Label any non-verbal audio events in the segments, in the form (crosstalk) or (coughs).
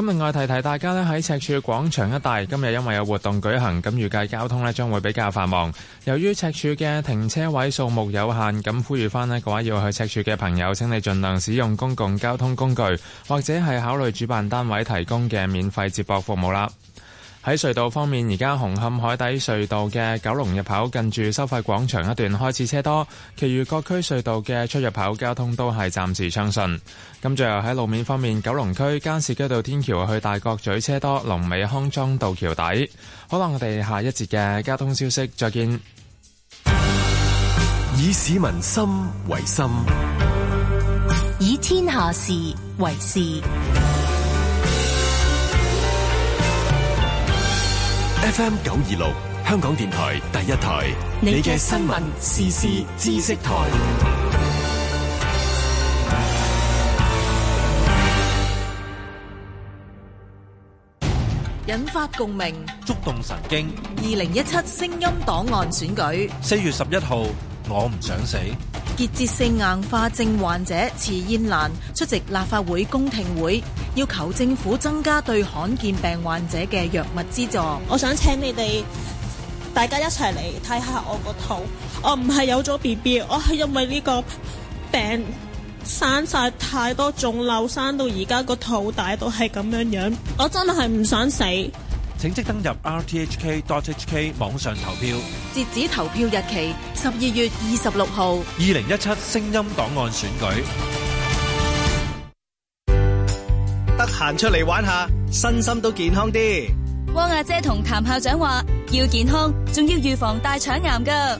咁另外提提大家呢，喺赤柱廣場一帶，今日因為有活動舉行，咁預計交通呢將會比較繁忙。由於赤柱嘅停車位數目有限，咁呼籲返呢各位要去赤柱嘅朋友，請你盡量使用公共交通工具，或者係考慮主辦單位提供嘅免費接駁服務啦。喺隧道方面，而家紅磡海底隧道嘅九龍入口近住收費廣場一段開始車多，其餘各區隧道嘅出入口交通都係暫時暢順。咁最後喺路面方面，九龍區加士居道天橋去大角咀車多，龍尾康莊道橋底。好啦，我哋下一節嘅交通消息再見。以市民心為心，以天下事為事。FM 九二六，香港電台第一台，你嘅新聞、時事、知識台，引發共鳴，觸動神經。二零一七聲音檔案選舉，四月十一號。我唔想死。結節性硬化症患者池燕蘭出席立法會公聽會，要求政府增加對罕見病患者嘅藥物資助。我想請你哋大家一齊嚟睇下我個肚，我唔係有咗 BB，我係因為呢個病生晒太多腫瘤，生到而家個肚大到係咁樣樣，我真係唔想死。請即登入 rthk.hk 網上投票，截止投票日期十二月二十六號。二零一七聲音檔案選舉，得閒出嚟玩下，身心都健康啲。汪阿姐同譚校長話：要健康，仲要預防大腸癌㗎。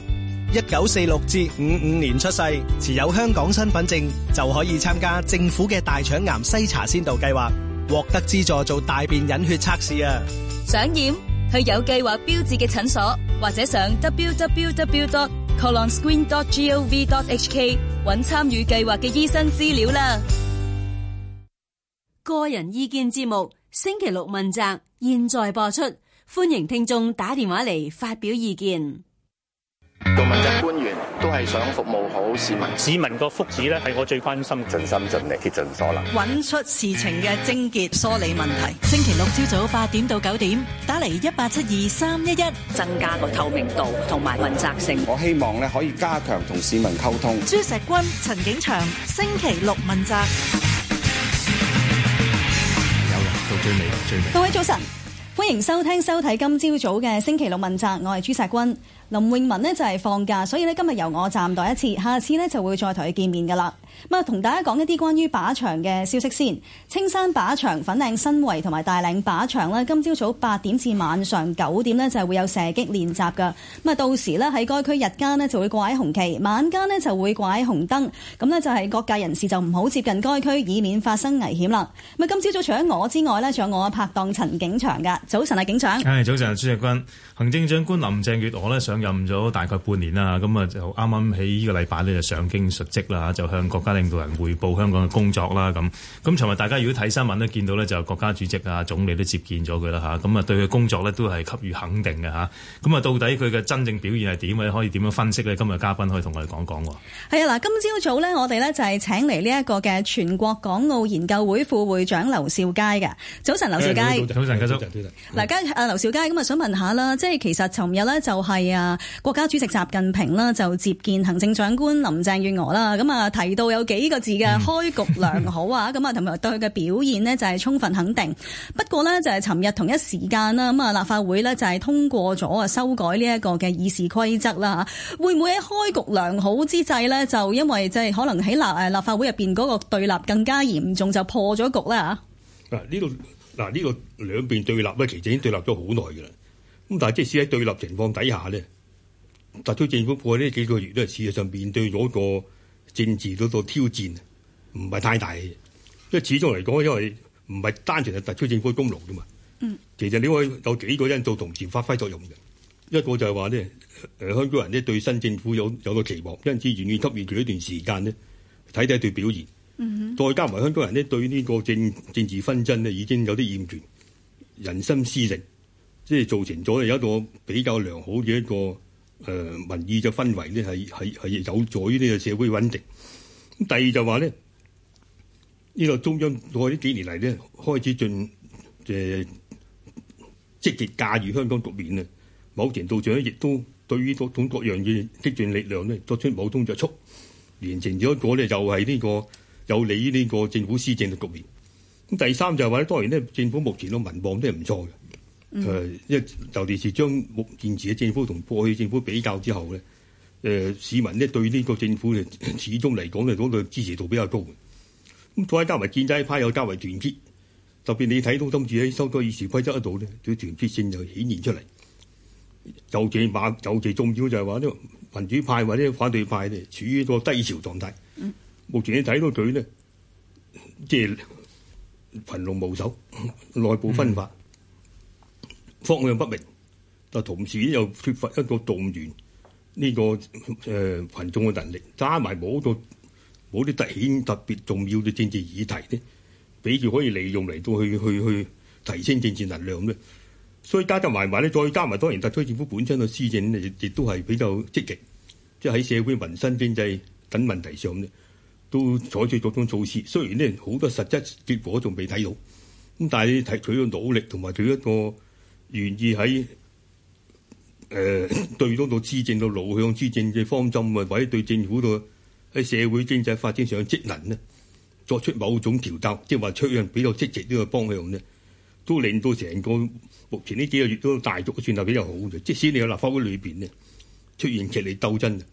一九四六至五五年出世，持有香港身份證就可以參加政府嘅大腸癌篩查先導計劃。獲得資助做大便隱血測試啊！想驗去有計劃標誌嘅診所，或者上 www.colonscreen.gov.hk 揾參與計劃嘅醫生資料啦。個人意見節目，星期六問責，現在播出，歡迎聽眾打電話嚟發表意見。做問責官員都係想服務好市民，市民個福祉咧係我最關心，盡心盡力，竭盡所能，揾出事情嘅症結，梳理問題。星期六朝早八點到九點，打嚟一八七二三一一，增加個透明度同埋問責性。我希望咧可以加強同市民溝通。朱鍚君、陳景祥，星期六問責。有人到最尾，最尾。各位早晨。歡迎收聽收睇今朝早嘅星期六問責，我係朱鍚君，林詠雯呢就係放假，所以呢今日由我暫代一次，下次呢就會再同你見面㗎啦。咁啊，同大家講一啲關於靶場嘅消息先。青山靶場、粉嶺新圍同埋大嶺靶場呢，今朝早八點至晚上九點呢就係會有射擊練習噶。咁啊，到時呢喺該區日間呢就會掛喺紅旗，晚間呢就會掛喺紅燈。咁就係各界人士就唔好接近該區，以免發生危險啦。咁啊，今朝早除咗我之外呢仲有我嘅拍檔陳警長噶。早晨啊，景祥。Hey, 早晨啊，朱鍚君。行政長官林鄭月娥呢上任咗大概半年啦，咁啊就啱啱喺呢個禮拜呢就上京述職啦，就向國家。領導人匯報香港嘅工作啦，咁咁尋日大家如果睇新聞咧，見到呢，就國家主席啊、總理都接見咗佢啦嚇，咁啊對佢工作呢，都係給予肯定嘅嚇。咁啊到底佢嘅真正表現係點咧？可以點樣分析呢？今日嘉賓可以同我哋講講喎。係啊，嗱，今朝早呢，我哋呢就係請嚟呢一個嘅全國港澳研究會副會長劉兆佳嘅。早晨，劉兆佳。早晨，嘉叔。早晨，多謝。嗱，劉兆佳咁啊，想問下啦，即係其實尋日呢，就係啊，國家主席習近平啦，就接見行政長官林鄭月娥啦，咁啊提到有。幾個字嘅開局良好啊，咁啊，同埋對佢嘅表現呢，就係充分肯定。不過呢，就係尋日同一時間啦，咁啊立法會呢，就係通過咗啊修改呢一個嘅議事規則啦。吓，會唔會喺開局良好之際呢？就因為就係可能喺立誒立法會入邊嗰個對立更加嚴重，就破咗局啦？吓、啊，嗱呢度嗱呢度兩邊對立呢，其實已經對立咗好耐噶啦。咁但係即使喺對立情況底下呢，特區政府過去呢幾個月都係，事實上面對咗個。政治嗰度挑戰唔係太大嘅，因為始終嚟講，因為唔係單純係特區政府嘅功勞啫嘛。嗯，其實你可以有幾個因素同時發揮作用嘅，一個就係話咧，誒，香港人咧對新政府有有個期望，因此願意給予佢一段時間咧睇睇佢表現，嗯、哼再加埋香港人咧對呢個政政治紛爭咧已經有啲厭倦，人心思靜，即係造成咗有一個比較良好嘅一個。誒民意嘅氛圍咧係係係有助於呢個社會穩定。咁第二就話咧，呢個中央過去呢幾年嚟咧開始進誒積極駕馭香港局面啊，某程度上咧亦都對於各種各樣嘅激進力量咧作出某種約束，完成咗一個咧就係呢個有利於呢個政府施政嘅局面。咁第三就係話咧，當然咧政府目前嘅民望都係唔錯嘅。誒，嗯、因為尤其是將目前建制嘅政府同過去政府比較之後咧，誒、呃、市民咧對呢個政府咧始終嚟講咧個支持度比較高嘅。咁再加埋建制派又加埋團結，特別你睇到今次喺修改議事規則嗰度咧，佢團結性就顯現出嚟。就住馬就住重要就係話呢個民主派或者反對派咧，處於一個低潮狀態，嗯、目前你睇到佢咧，即係羣龍無首，內部分發。嗯方向不明，但同時又缺乏一個動員呢、這個誒羣、呃、眾嘅能力，加埋冇個冇啲特顯特別重要嘅政治議題咧，比住可以利用嚟到去去去去提升政治能量咧，所以加加埋埋咧，再加埋當然特區政府本身嘅施政亦亦都係比較積極，即係喺社會民生經濟等問題上咧，都採取各種措施。雖然咧好多實質結果仲未睇到，咁但係睇佢嘅努力同埋佢一個，願意喺誒、呃、對中度施政到路向施政嘅方針啊，或者對政府度喺社會經濟發展上嘅職能咧作出某種調度，即係話出現比較積極呢個方向咧，都令到成個目前呢幾個月都大局算係比較好嘅。即使你有立法會裏邊咧出現劇烈鬥爭啊，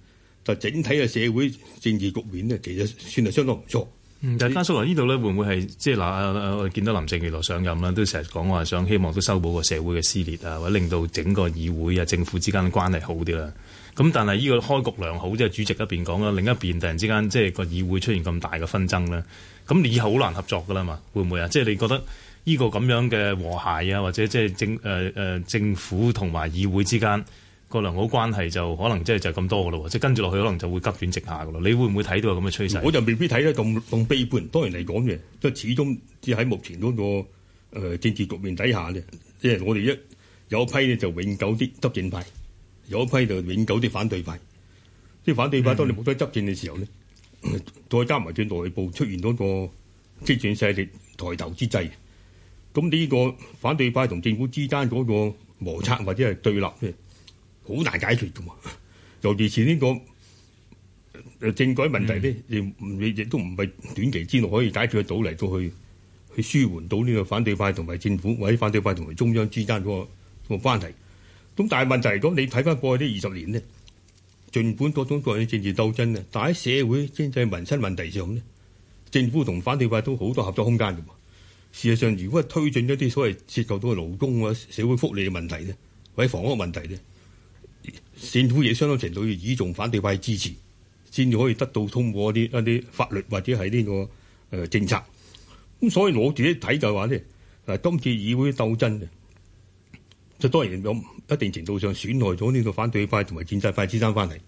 但整體嘅社會政治局面咧，其實算係相當唔錯。嗯，但係加蘇呢度咧，會唔會係即係嗱？我見到林鄭月娥上任啦，都成日講話想希望都修補個社會嘅撕裂啊，或者令到整個議會啊、政府之間嘅關係好啲啦。咁但係呢個開局良好，即係主席一邊講啦，另一邊突然之間即係個議會出現咁大嘅紛爭咧，咁以後好難合作噶啦嘛，會唔會啊？即係你覺得呢個咁樣嘅和諧啊，或者即係政誒政府同埋議會之間個良好關係就可能即係就咁多噶咯，即係跟住落去，可能就會急轉直下噶咯。你會唔會睇到有咁嘅趨勢？我就未必睇得咁咁悲觀。當然嚟講嘅，即係始終只喺目前嗰、嗰個、呃、政治局面底下咧，即係我哋一有一批呢，就永久啲執政派，有一批就永久啲反對派。即係反對派當你冇得執政嘅時候咧，嗯、再加埋佢內部出現嗰個激轉勢力抬頭之際，咁呢個反對派同政府之間嗰個摩擦或者係對立好難解決噶嘛？尤其是呢個政改問題咧，亦亦、嗯、都唔係短期之內可以解決得到嚟到去去舒緩到呢個反對派同埋政府，或者反對派同埋中央之間個、這個關係。咁但係問題係，咁你睇翻過去呢二十年呢，儘管各種各樣政治鬥爭呢，但喺社會經濟民生問題上咧，政府同反對派都好多合作空間嘅。事實上，如果係推進一啲所謂涉及到勞工啊、社會福利嘅問題咧，或者房屋問題咧。政府亦相當程度要倚重反對派支持，先至可以得到通過一啲一啲法律或者係呢個誒政策。咁所以我自己睇就係話咧，嗱，今次議會的鬥爭，就當然有一定程度上損害咗呢個反對派同埋建制派之間關係，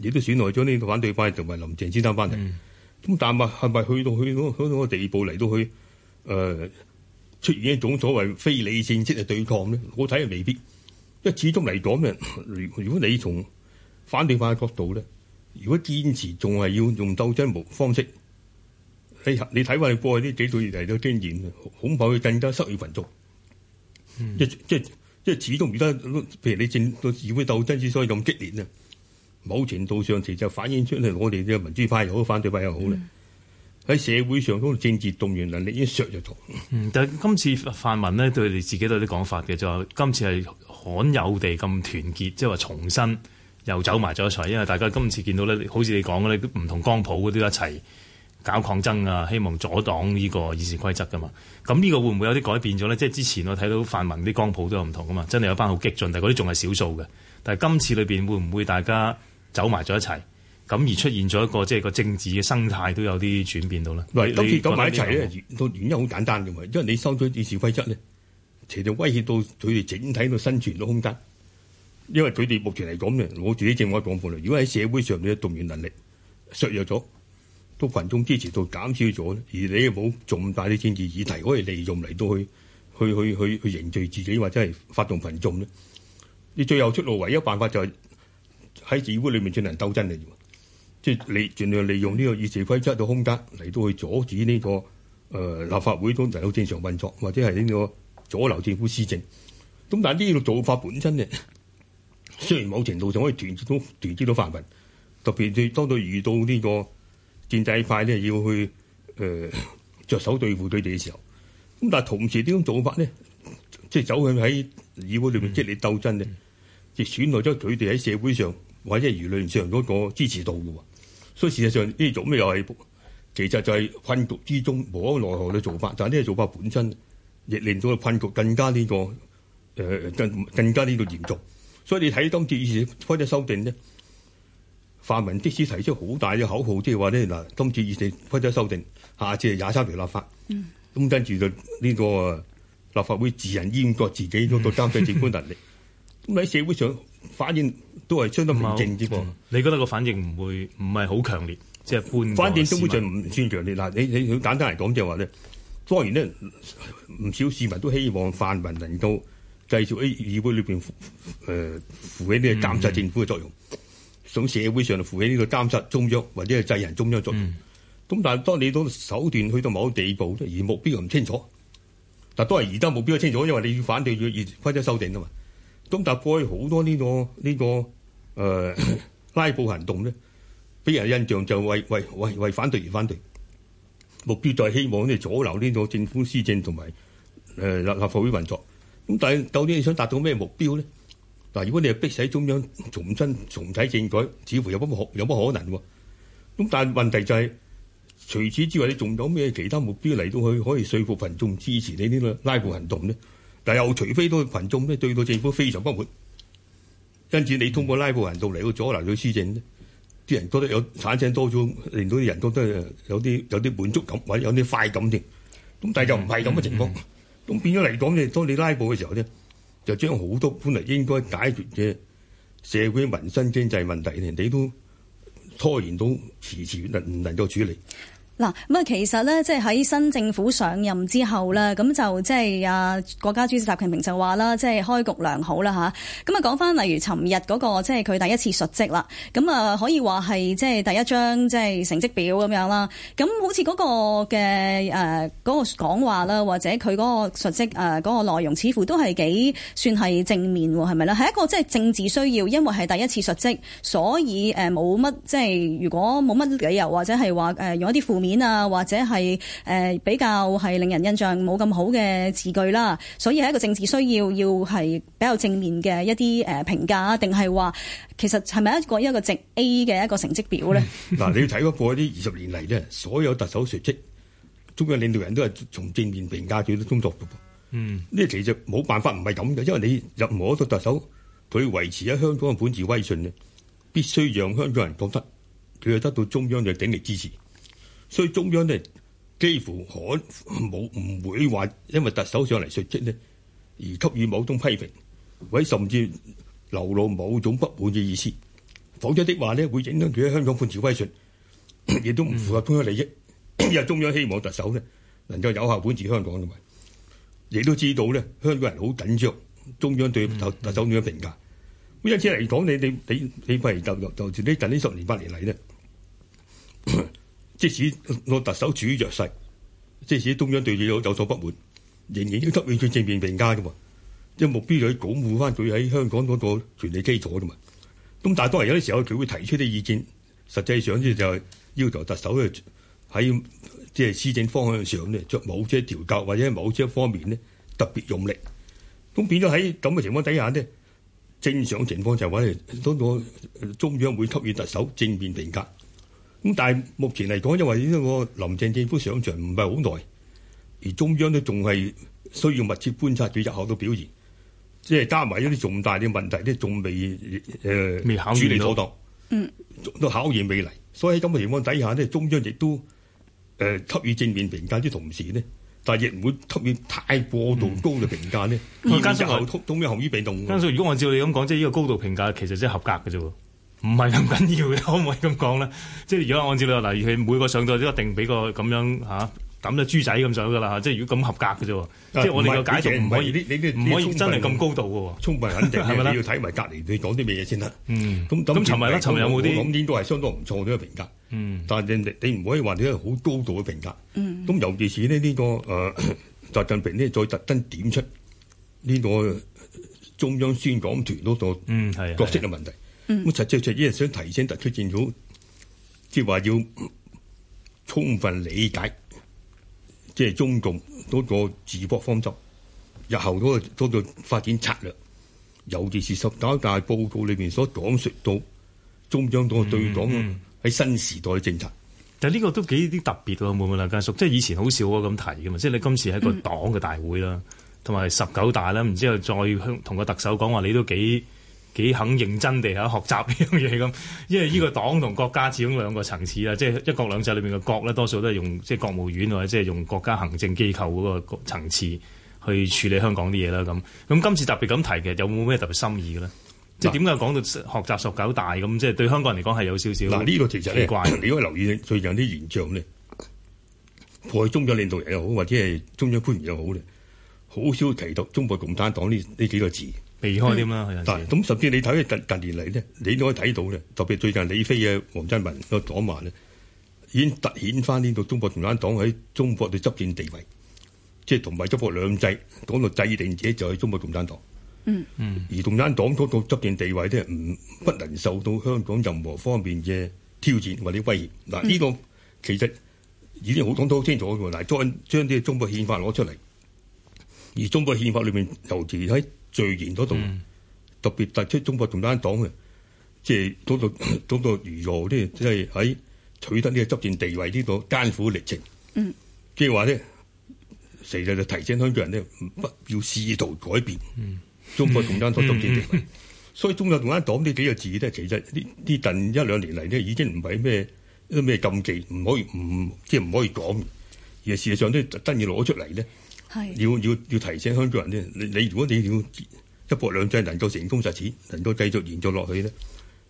亦都損害咗呢個反對派同埋林鄭之間關係。咁、嗯、但係係咪去到去到去到個地步嚟到去誒、呃、出現一種所謂非理性即係、就是、對抗咧？我睇又未必。即係始終嚟講咧，如如果你從反對派嘅角度咧，如果堅持仲係要用鬥爭模方式，你你睇翻你過去呢幾個月嚟到經驗，恐怕會更加失去民族，即即即係始終而家，譬如你到社會鬥爭之所以咁激烈，某程度上其實反映出嚟我哋嘅民主派又好，反對派又好咧。嗯喺社會上嗰度政治動員能力已經削弱咗，嗯。但係今次泛民呢，對佢哋自己都有啲講法嘅，就話今次係罕有地咁團結，即係話重新又走埋咗一齊。因為大家今次見到咧，好似你講嘅咧，唔同光譜嗰啲一齊搞抗爭啊，希望阻擋呢個議事規則噶嘛。咁呢個會唔會有啲改變咗咧？即係之前我睇到泛民啲光譜都有唔同噶嘛，真係有一班好激進，但係嗰啲仲係少數嘅。但係今次裏邊會唔會大家走埋咗一齊？咁而出現咗一個即係個政治嘅生態都有啲轉變到啦。喂，係，今次咁埋一齊咧，原因好簡單嘅嘛，因為你收咗議事規則咧，其實威脅到佢哋整體嘅生存嘅空間。因為佢哋目前嚟講咧，我自己正話講過啦。如果喺社會上面嘅動員能力削弱咗，都群眾支持度減少咗，而你又冇重大啲政治議題，可以利用嚟到去去去去去凝聚自己，或者係發動群眾咧，你最後出路唯一辦法就係喺議會裡面進行鬥爭嚟。即係利盡量利用呢個議事規則嘅空間嚟到去阻止呢、這個誒、呃、立法會中能夠正常運作，或者係呢個阻留政府施政。咁但係呢個做法本身呢，雖然某程度上可以團結到團結到泛民，特別你當你遇到呢個建制派呢，要去誒、呃、着手對付佢哋嘅時候，咁但係同時呢咁做法呢，即、就、係、是、走向喺議會裏面激烈、嗯、鬥爭咧，就損害咗佢哋喺社會上或者係輿論上嗰個支持度嘅喎。所以事實上呢啲做咩又係，其實就係困局之中無可奈何嘅做法，但係呢個做法本身亦令到困局更加呢個誒更更加呢個嚴重。所以你睇今次議事規則修訂呢，泛民即使提出好大嘅口號，即係話呢：「嗱，今次議事規則修訂，下次廿三條立法，咁跟住就呢個立法會自人閹割自己，攞到監察長官能力。咁喺社會上反應。都係相當唔應啲噃，你覺得個反應唔會唔係好強烈，即係觀反。反正都唔算強烈。嗱。你你佢簡單嚟講，就係話咧，當然咧，唔少市民都希望泛民能夠繼續喺議會裏邊誒扶起呢個監察政府嘅作用，嗯、從社會上嚟扶起呢個監察中央或者係制人中央作用。咁、嗯、但係當你當手段去到某個地步，而目標又唔清楚，但都係而家目標清楚，因為你要反對要，要規則修訂啊嘛。咁但過去好多呢個呢個。這個誒、呃、拉布行動咧，俾人印象就為為，為，為反對而反對，目標就係希望你阻留呢個政府施政同埋立立法會運作。咁但係究竟你想達到咩目標咧？嗱，如果你係逼使中央重新重啟政改，似乎有冇可有冇可能喎、啊？咁但係問題就係、是，除此之外你仲有咩其他目標嚟到去可以說服群眾支持你呢個拉布行動咧？但又除非都群眾咧對到政府非常不滿。因此你通過拉布人道嚟到阻攔咗施政，啲人覺得有產生多咗，令到啲人覺得有啲有啲滿足感，或者有啲快感添。咁但係就唔係咁嘅情況。咁、嗯嗯、變咗嚟講，你當你拉布嘅時候咧，就將好多本嚟應該解決嘅社會民生經濟問題，人哋都拖延到遲遲能唔能夠處理。嗱，咁啊，其實咧，即係喺新政府上任之後咧，咁就即係啊，國家主席習近平就話啦，即係開局良好啦吓，咁啊，講翻例如尋日嗰個即係佢第一次述職啦，咁啊，可以話係即係第一張即係成績表咁樣啦。咁好似嗰個嘅誒嗰個講話啦，或者佢嗰個述職誒嗰個內容，似乎都係幾算係正面喎，係咪咧？係一個即係政治需要，因為係第一次述職，所以誒冇乜即係如果冇乜理由或者係話誒用一啲負面。面啊，或者係誒、呃、比較係令人印象冇咁好嘅字句啦，所以係一個政治需要，要係比較正面嘅一啲誒評價，定係話其實係咪一個一個直 A 嘅一個成績表咧？嗱， (laughs) (laughs) 你要睇嗰個啲二十年嚟咧，所有特首述職，中央領導人都係從正面評價佢啲工作嘅。嗯，呢其實冇辦法，唔係咁嘅，因為你任何一個特首，佢維持喺香港嘅本地威信咧，必須讓香港人覺得佢係得到中央嘅鼎力支持。所以中央呢，幾乎可冇唔會話，因為特首上嚟述職呢，而給予某種批評，或者甚至流露某種不滿嘅意思。否則的話呢，會影響佢喺香港保持威信，亦、嗯、都唔符合中央利益。而中央希望特首呢，能夠有效管治香港同埋，亦都知道呢，香港人好緊張。中央對特特首點樣評價。因此嚟講，你你你你不如就就前呢近呢十年八年嚟呢。 (coughs) 即使我特首處於弱勢，即使中央對佢有有所不滿，仍然應給予佢正面評價嘅嘛，即係目標就係鞏固翻佢喺香港嗰個權力基礎啫嘛。咁大多係有啲時候，佢會提出啲意見，實際上咧就係要求特首咧喺即係施政方向上咧，着某啲調校或者某啲方面咧特別用力。咁變咗喺咁嘅情況底下呢，正常情況就話、係、係當我中央會給予特首正面評價。咁但係目前嚟講，因為呢個林鄭政府上場唔係好耐，而中央都仲係需要密切觀察佢日後嘅表現，即係加埋一啲重大嘅問題，都仲未誒、呃、考處理妥當，嗯，都考驗未嚟。所以喺咁嘅情況底下呢，中央亦都誒、呃、給予正面評價，之同時呢但係亦唔會給予太過度高嘅評價呢，而家之後通通都後於被動的、嗯。咁所以如果按照你咁講，即係呢個高度評價，其實即係合格嘅啫。唔係咁緊要，嘅，可唔可以咁講咧？即係如果按照你話，例如佢每個上到都一定俾個咁樣嚇抌咗豬仔咁上噶啦。即係如果咁合格嘅啫，即係我哋嘅解讀唔可以呢？唔可以真係咁高度嘅，充分肯定係咪咧？要睇埋隔離你講啲咩嘢先啦。咁咁，尋日咧尋日有冇啲呢？都係相當唔錯呢個評價。但係你你唔可以話你好高度嘅評價。咁尤其是咧呢個誒習近平呢，再特登點出呢個中央宣講團嗰個角色嘅問題。咁、嗯嗯、實質就因為想提醒特區政府，即係話要、嗯、充分理解，即、就、係、是、中共嗰個治國方針，日後嗰個發展策略，尤其是十九大報告裏邊所講述到，中央黨對黨喺新時代嘅政策。嗯嗯、但係呢個都幾啲特別喎，冇問啦家叔，即係以前好少我咁提嘅嘛，即係你今次喺個黨嘅大會啦，同埋十九大啦，然之後再同個特首講話，你都幾。幾肯認真地學習呢樣嘢咁，因為呢個黨同國家始終兩個層次啦，即係、嗯、一國兩制裏面嘅國咧，多數都係用即係、即係、國務院或者即係用國家行政機構嗰個、個層次去處理香港啲嘢啦咁。咁今次特別咁提嘅，有冇咩特別心意嘅咧？啊、即係點解講到學習十九大咁，即係對香港人嚟講係有少少嗱？呢、啊呢個其實奇怪， (coughs) 你應該留意最近啲現象咧，無論中央領導人又好，或者係中央官員又好咧，好少提到中國共產黨呢呢幾個字。避開啲啦，係啊、嗯！咁甚至你睇近近年嚟咧，你都可以睇到嘅。特別最近李飛嘅黃振民、嗰個講話咧，已經凸顯翻呢個中國共產黨喺中國嘅執政地位，即係同埋中國兩制，講到制定者就係中國共產黨、嗯。嗯嗯，而共產黨嗰個執政地位咧，唔不能受到香港任何方面嘅挑戰或者威脅。嗱、嗯，呢個其實已經好講好清楚嘅嗱，再將啲中國憲法攞出嚟，而中國憲法裏面尤其喺序言嗰度，特別突出中國共產黨嘅，即係嗰個嗰個如何咧，即係喺取得呢個執政地位呢個艱苦歷程。即係話咧，實際就提醒香港人咧，不要試圖改變中國共產黨執政地位。所以中國共產黨呢幾個字咧，其實呢啲近一兩年嚟咧，已經唔係咩咩禁忌，唔可以唔即係唔可以講，而係事實上都真要攞出嚟咧。是要要要提醒香港人咧，你你如果你要一國兩制能夠成功實踐，能夠繼續延續落去咧，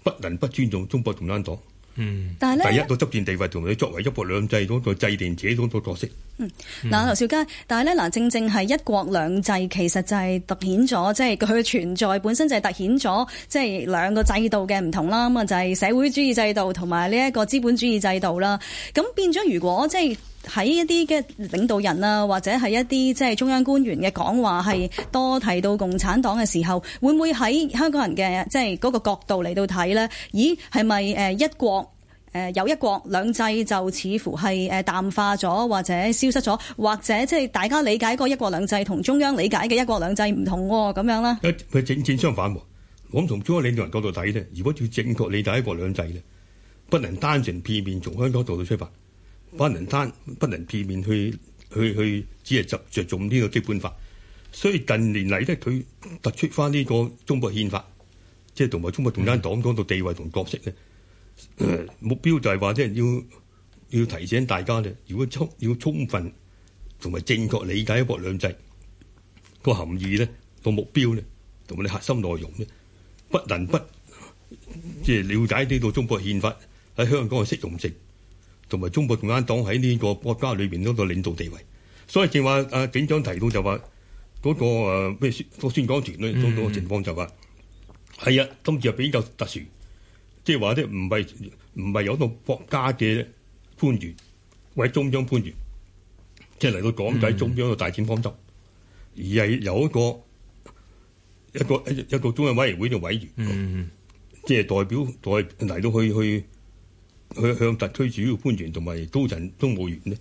不能不尊重中國共產黨。嗯，但係咧，第一個執政地位同埋你作為一國兩制嗰個制定者嗰個角色。嗯，嗱、嗯，劉兆佳，但係咧嗱，正正係一國兩制其實就係突顯咗，即係佢嘅存在本身就係突顯咗，即係兩個制度嘅唔同啦。咁啊，就係社會主義制度同埋呢一個資本主義制度啦。咁變咗，如果即係，就是喺一啲嘅領導人啊，或者係一啲即係中央官員嘅講話，係多提到共產黨嘅時候，會唔會喺香港人嘅即係嗰個角度嚟到睇咧？咦，係咪誒一國誒有一國兩制就似乎係誒淡化咗，或者消失咗，或者即係大家理解嗰一,一國兩制同中央理解嘅一國兩制唔同咁、啊、樣啦，佢正正相反喎，我諗從中央領導人角度睇咧，如果要正確理解一國兩制咧，不能單純片面從香港角度出發。不能單不能片面去去去，只係執著重呢個基本法。所以近年嚟咧，佢突出翻呢個《中國憲法》，即係同埋《中國共產黨》講到地位同角色嘅目標就是說，就係話即係要要提醒大家咧，如果充要充分同埋正確理解一國兩制個含義咧、個目標咧同埋啲核心內容咧，不能不即係瞭解呢到《中國憲法》喺香港嘅適用性。同埋中國共產黨喺呢個國家裏邊嗰個領導地位，所以正話阿警長提到就話嗰、那個咩宣個宣講團咧，嗰、啊、個情況就話係啊，今次又比較特殊，即係話咧唔係唔係有一個國家嘅官員，或者中央官員，即係嚟到港仔中央度大展方針，嗯、而係有一個一個一個中央委員會嘅委員，即係、嗯嗯、代表代嚟到去去。去向特區主要官員同埋高層公務員咧，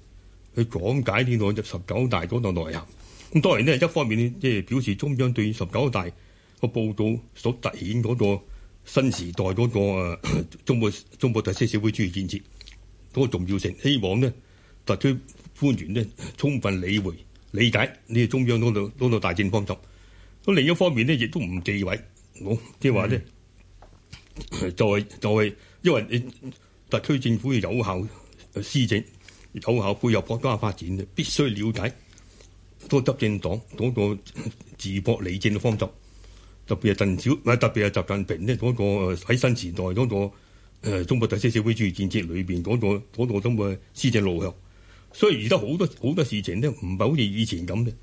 去講解呢個《十九大》嗰個內涵。咁當然呢一方面咧，即係表示中央對《十九大》個報道所突顯嗰個新時代嗰、那個啊，中國中國特色社會主義建設嗰、那個重要性。希望呢特區官員咧，充分理會理解呢個中央嗰度嗰度大政方針。咁另一方面呢亦都唔忌諱，即係話呢、嗯、 (coughs) 就係、是、就係、是、因為你。特區政府要有效施政，有效配合國家發展咧，必須了解多執政黨嗰個治國理政嘅方針，特別係鄧小唔特別係習近平呢，嗰個喺新時代嗰、那個、呃、中國特色社會主義建設裏邊嗰個咁嘅、那個、施政路向。所以而家好多好多事情呢，唔係好似以前咁嘅，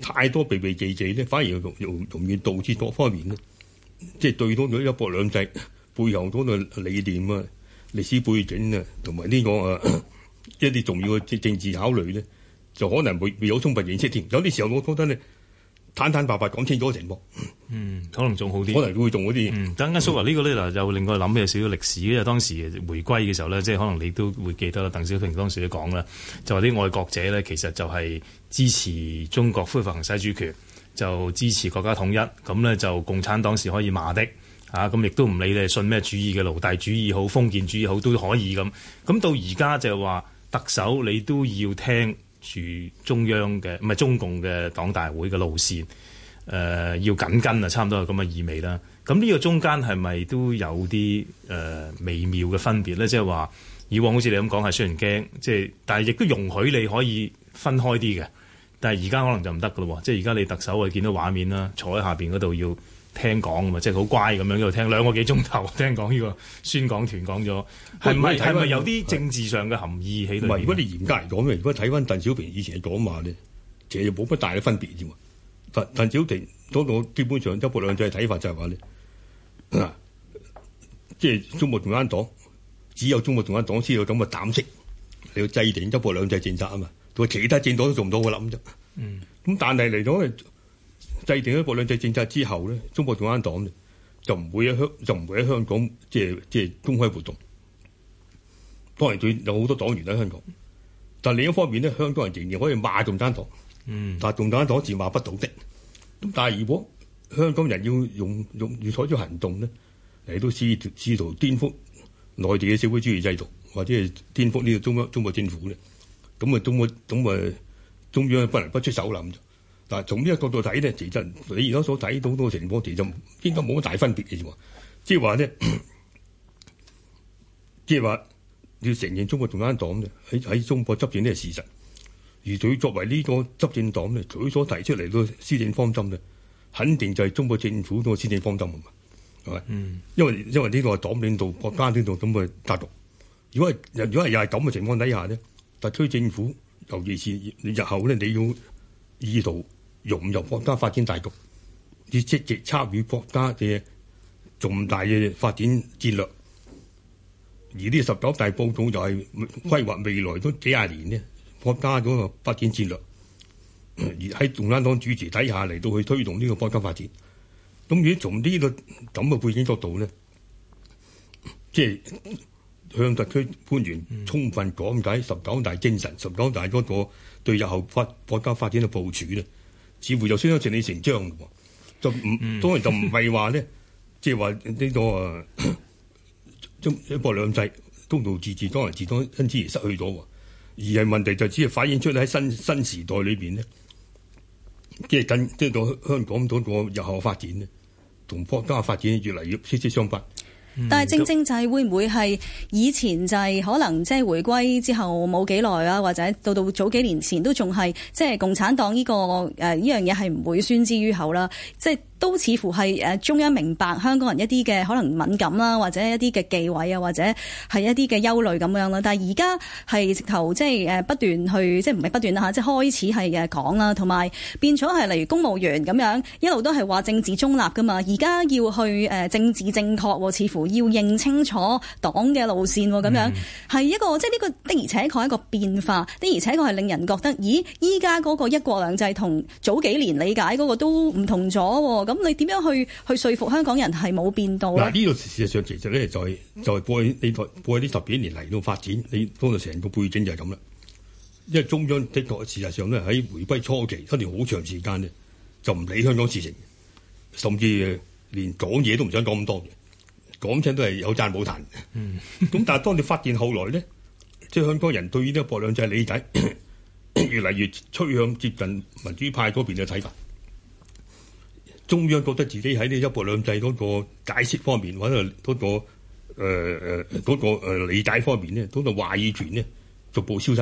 太多避避忌忌咧，反而又容易導致各方面嘅即係對多咗一國兩制背後嗰個理念啊。歷史背景啊，同埋呢、呢個啊，一啲重要嘅政治考慮咧，就可能未未有充分認識添。有啲時候，我覺得你坦坦白白講清楚個情況，嗯，可能仲好啲，可能會仲好啲。嗯，等間，叔啊、嗯，呢個、呢個咧嗱，又令我諗起有少少歷史。因為當時回歸嘅時候咧，即係可能你都會記得啦。鄧小平當時都講啦，就話啲愛國者咧，其實就係支持中國恢復行使主權，就支持國家統一，咁咧就共產黨是可以罵的。啊，咁亦都唔理你係信咩主義嘅路，奴隸主義好、封建主義好都可以咁。咁到而家就係話特首你都要聽住中央嘅，唔係中共嘅黨大會嘅路線、呃、要緊跟啊，差唔多係咁嘅意味啦。咁、嗯、呢、呢個中間係咪都有啲、呃、微妙嘅分別咧？即係話以往好似你咁講係雖然驚，即、就、係、係、但係亦都容許你可以分開啲嘅。但係而家可能就唔得噶咯喎！即係而家你特首啊，見到畫面啦，坐喺下面嗰度要。聽講嘛，即係好乖咁樣喺度聽兩個幾鐘頭，聽講呢個宣講團講咗，係唔係係咪有啲政治上嘅含義喺度？唔係，如果你嚴格嚟講咧，如果睇翻鄧小平以前嘅講話咧，其實冇乜大嘅分別啫。嘛。鄧小平嗰個基本上一國兩制嘅睇法就係話咧，啊，即係中共一黨，只有中共一黨先有咁嘅膽識，你要制定一國兩制政策啊嘛，做其他政黨都做唔到嘅諗啫。咁、嗯、但係嚟制定一國兩制政策之後咧，中國共產黨就唔會喺香就唔會喺香港，即係即係公開活動。當然，佢有好多黨員喺香港，但另一方面咧，香港人仍然可以罵共產黨。嗯，但係共產黨是罵不到的。咁但係如果香港人要用用要採取行動咧，嚟到試圖試圖顛覆內地嘅社會主義制度，或者係顛覆呢個中國中國政府咧，咁啊，中箇中啊中央不能不出手啦。但係從呢個角度睇咧，其實你而家所睇到好多情況，其實應該冇乜大分別嘅啫。即係話咧，即係話要承認中國共產黨咧喺喺中國執政呢個事實，而佢作為呢個執政黨咧，佢所提出嚟個施政方針咧，肯定就係中國政府個施政方針啊嘛，係咪？嗯因，因為因為呢個係黨領導國家領導咁嘅格局。如果係如果係又係咁嘅情況底下咧，特區政府尤其是你日後咧，你要意圖，融入國家發展大局，要積極參與國家嘅重大嘅發展戰略。而呢十九大報告就係規劃未來都幾廿年咧國家嗰個發展戰略，嗯、而喺共產黨主持底下嚟到去推動呢個國家發展。咁如果從呢、呢個咁嘅背景角度咧，即係向特區官員充分講解十九大精神、嗯、十九大嗰個對日後國國家發展嘅部署咧。似乎就相當順理成章嘅，就唔當然就唔係話咧， (laughs) 即係話呢個啊一國兩制，高度自治當然自當因此而失去咗，而係問題就只、是、係反映出喺新新時代裏邊咧，即係跟即係到香港到個日後發展咧，同國家發展越嚟越息息相關。但係正正就係會唔會係以前就係可能即係回歸之後冇幾耐啦，或者到到早幾年前都仲係即係共產黨呢個誒呢樣嘢係唔會宣之於口啦，即係都似乎係誒中央明白香港人一啲嘅可能敏感啦，或者一啲嘅忌諱啊，或者係一啲嘅憂慮咁樣啦，但係而家直頭即係誒不斷去即係唔係不斷啦吓即係開始係誒講啦，同埋變咗係例如公務員咁樣一路都係話政治中立噶嘛，而家要去誒政治正確，似乎要認清楚黨嘅路線咁樣，係、嗯、一個即係呢個的而且確一個變化，的而且確係令人覺得，咦？依家嗰個一國兩制同早幾年理解嗰個都唔同咗。咁你點樣去去說服香港人係冇變到？嗱，呢個事實上其實咧、就係，就在、是、過去呢過去呢十幾年嚟到發展，你當作成個背景就係咁啦。因為中央的確事實上咧喺回歸初期一段好長時間呢，就唔理香港事情，甚至連講嘢都唔想講咁多嘅，講親都係有讚冇彈。咁 (laughs) 但係當你發現後來咧，即係香港人對於呢一博兩制理解越嚟越趨向接近民主派嗰邊嘅睇法。中央覺得自己喺呢一國兩制嗰個解釋方面，或者嗰、嗰個誒誒嗰理解方面、嗰個、話語權呢嗰個話語權呢逐步消失。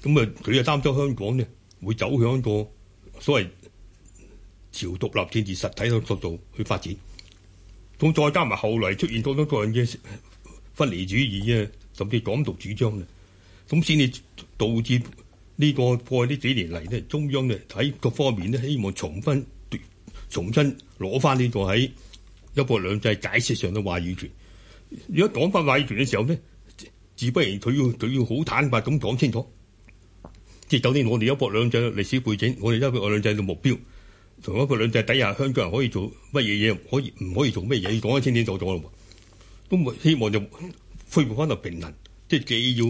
咁啊，佢就擔心香港呢會走向一個所謂朝獨立政治實體嘅角度去發展。咁再加埋後嚟出現各種各樣嘅分離主義啊，甚至港獨主張啊，咁先至導致呢個過去呢幾年嚟呢，中央呢喺各方面呢，希望重分。重新攞翻呢個喺一國兩制解釋上嘅話語權，如果講翻話語權嘅時候咧，自不然佢要佢要好坦白咁講清楚，即係究竟我哋一國兩制嘅歷史背景，我哋一國兩制嘅目標，同一國兩制底下香港人可以做乜嘢嘢，可以唔可以做乜嘢，要講得清清楚楚咯，都冇希望就恢復翻個平衡，即係既要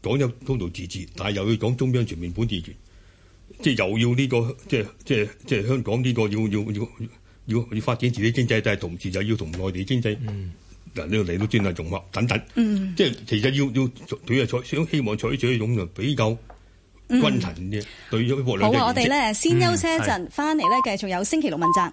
講有高度自治，但係又要講中央全面管治權。即係又要呢、這個，即係即係即係香港呢個要要要要要發展自己經濟，但係同時就要同內地經濟，嗱呢度嚟到專係融合等等，嗯、即係其實要要佢係想希望採取一種就比較均衡嘅、嗯、對，咗好、啊，我哋咧先休息一陣，翻嚟咧繼續有星期六問責。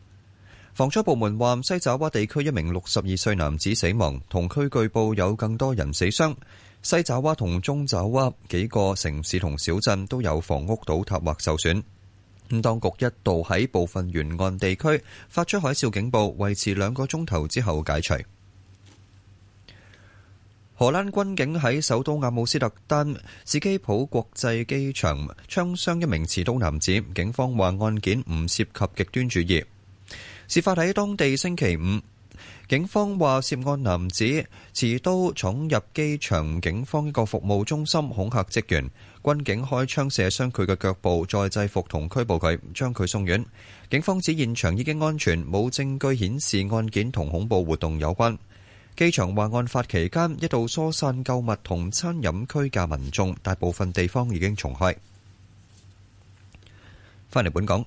防災部門話，西爪哇地區一名六十二歲男子死亡，同區據報有更多人死傷。西爪哇同中爪哇幾個城市同小鎮都有房屋倒塌或受損。咁，當局一度喺部分沿岸地區發出海嘯警報，維持兩個鐘頭之後解除。荷蘭軍警喺首都阿姆斯特丹史基普國際機場槍傷一名持刀男子，警方話案件唔涉及極端主義。事發喺當地星期五，警方話涉案男子持刀闖入機場警方一個服務中心恐嚇職員，軍警開槍射傷佢嘅腳部，再制服同拘捕佢，將佢送院。警方指現場已經安全，冇證據顯示案件同恐怖活動有關。機場話案發期間一度疏散購物同餐飲區嘅民眾，大部分地方已經重開。翻嚟本港。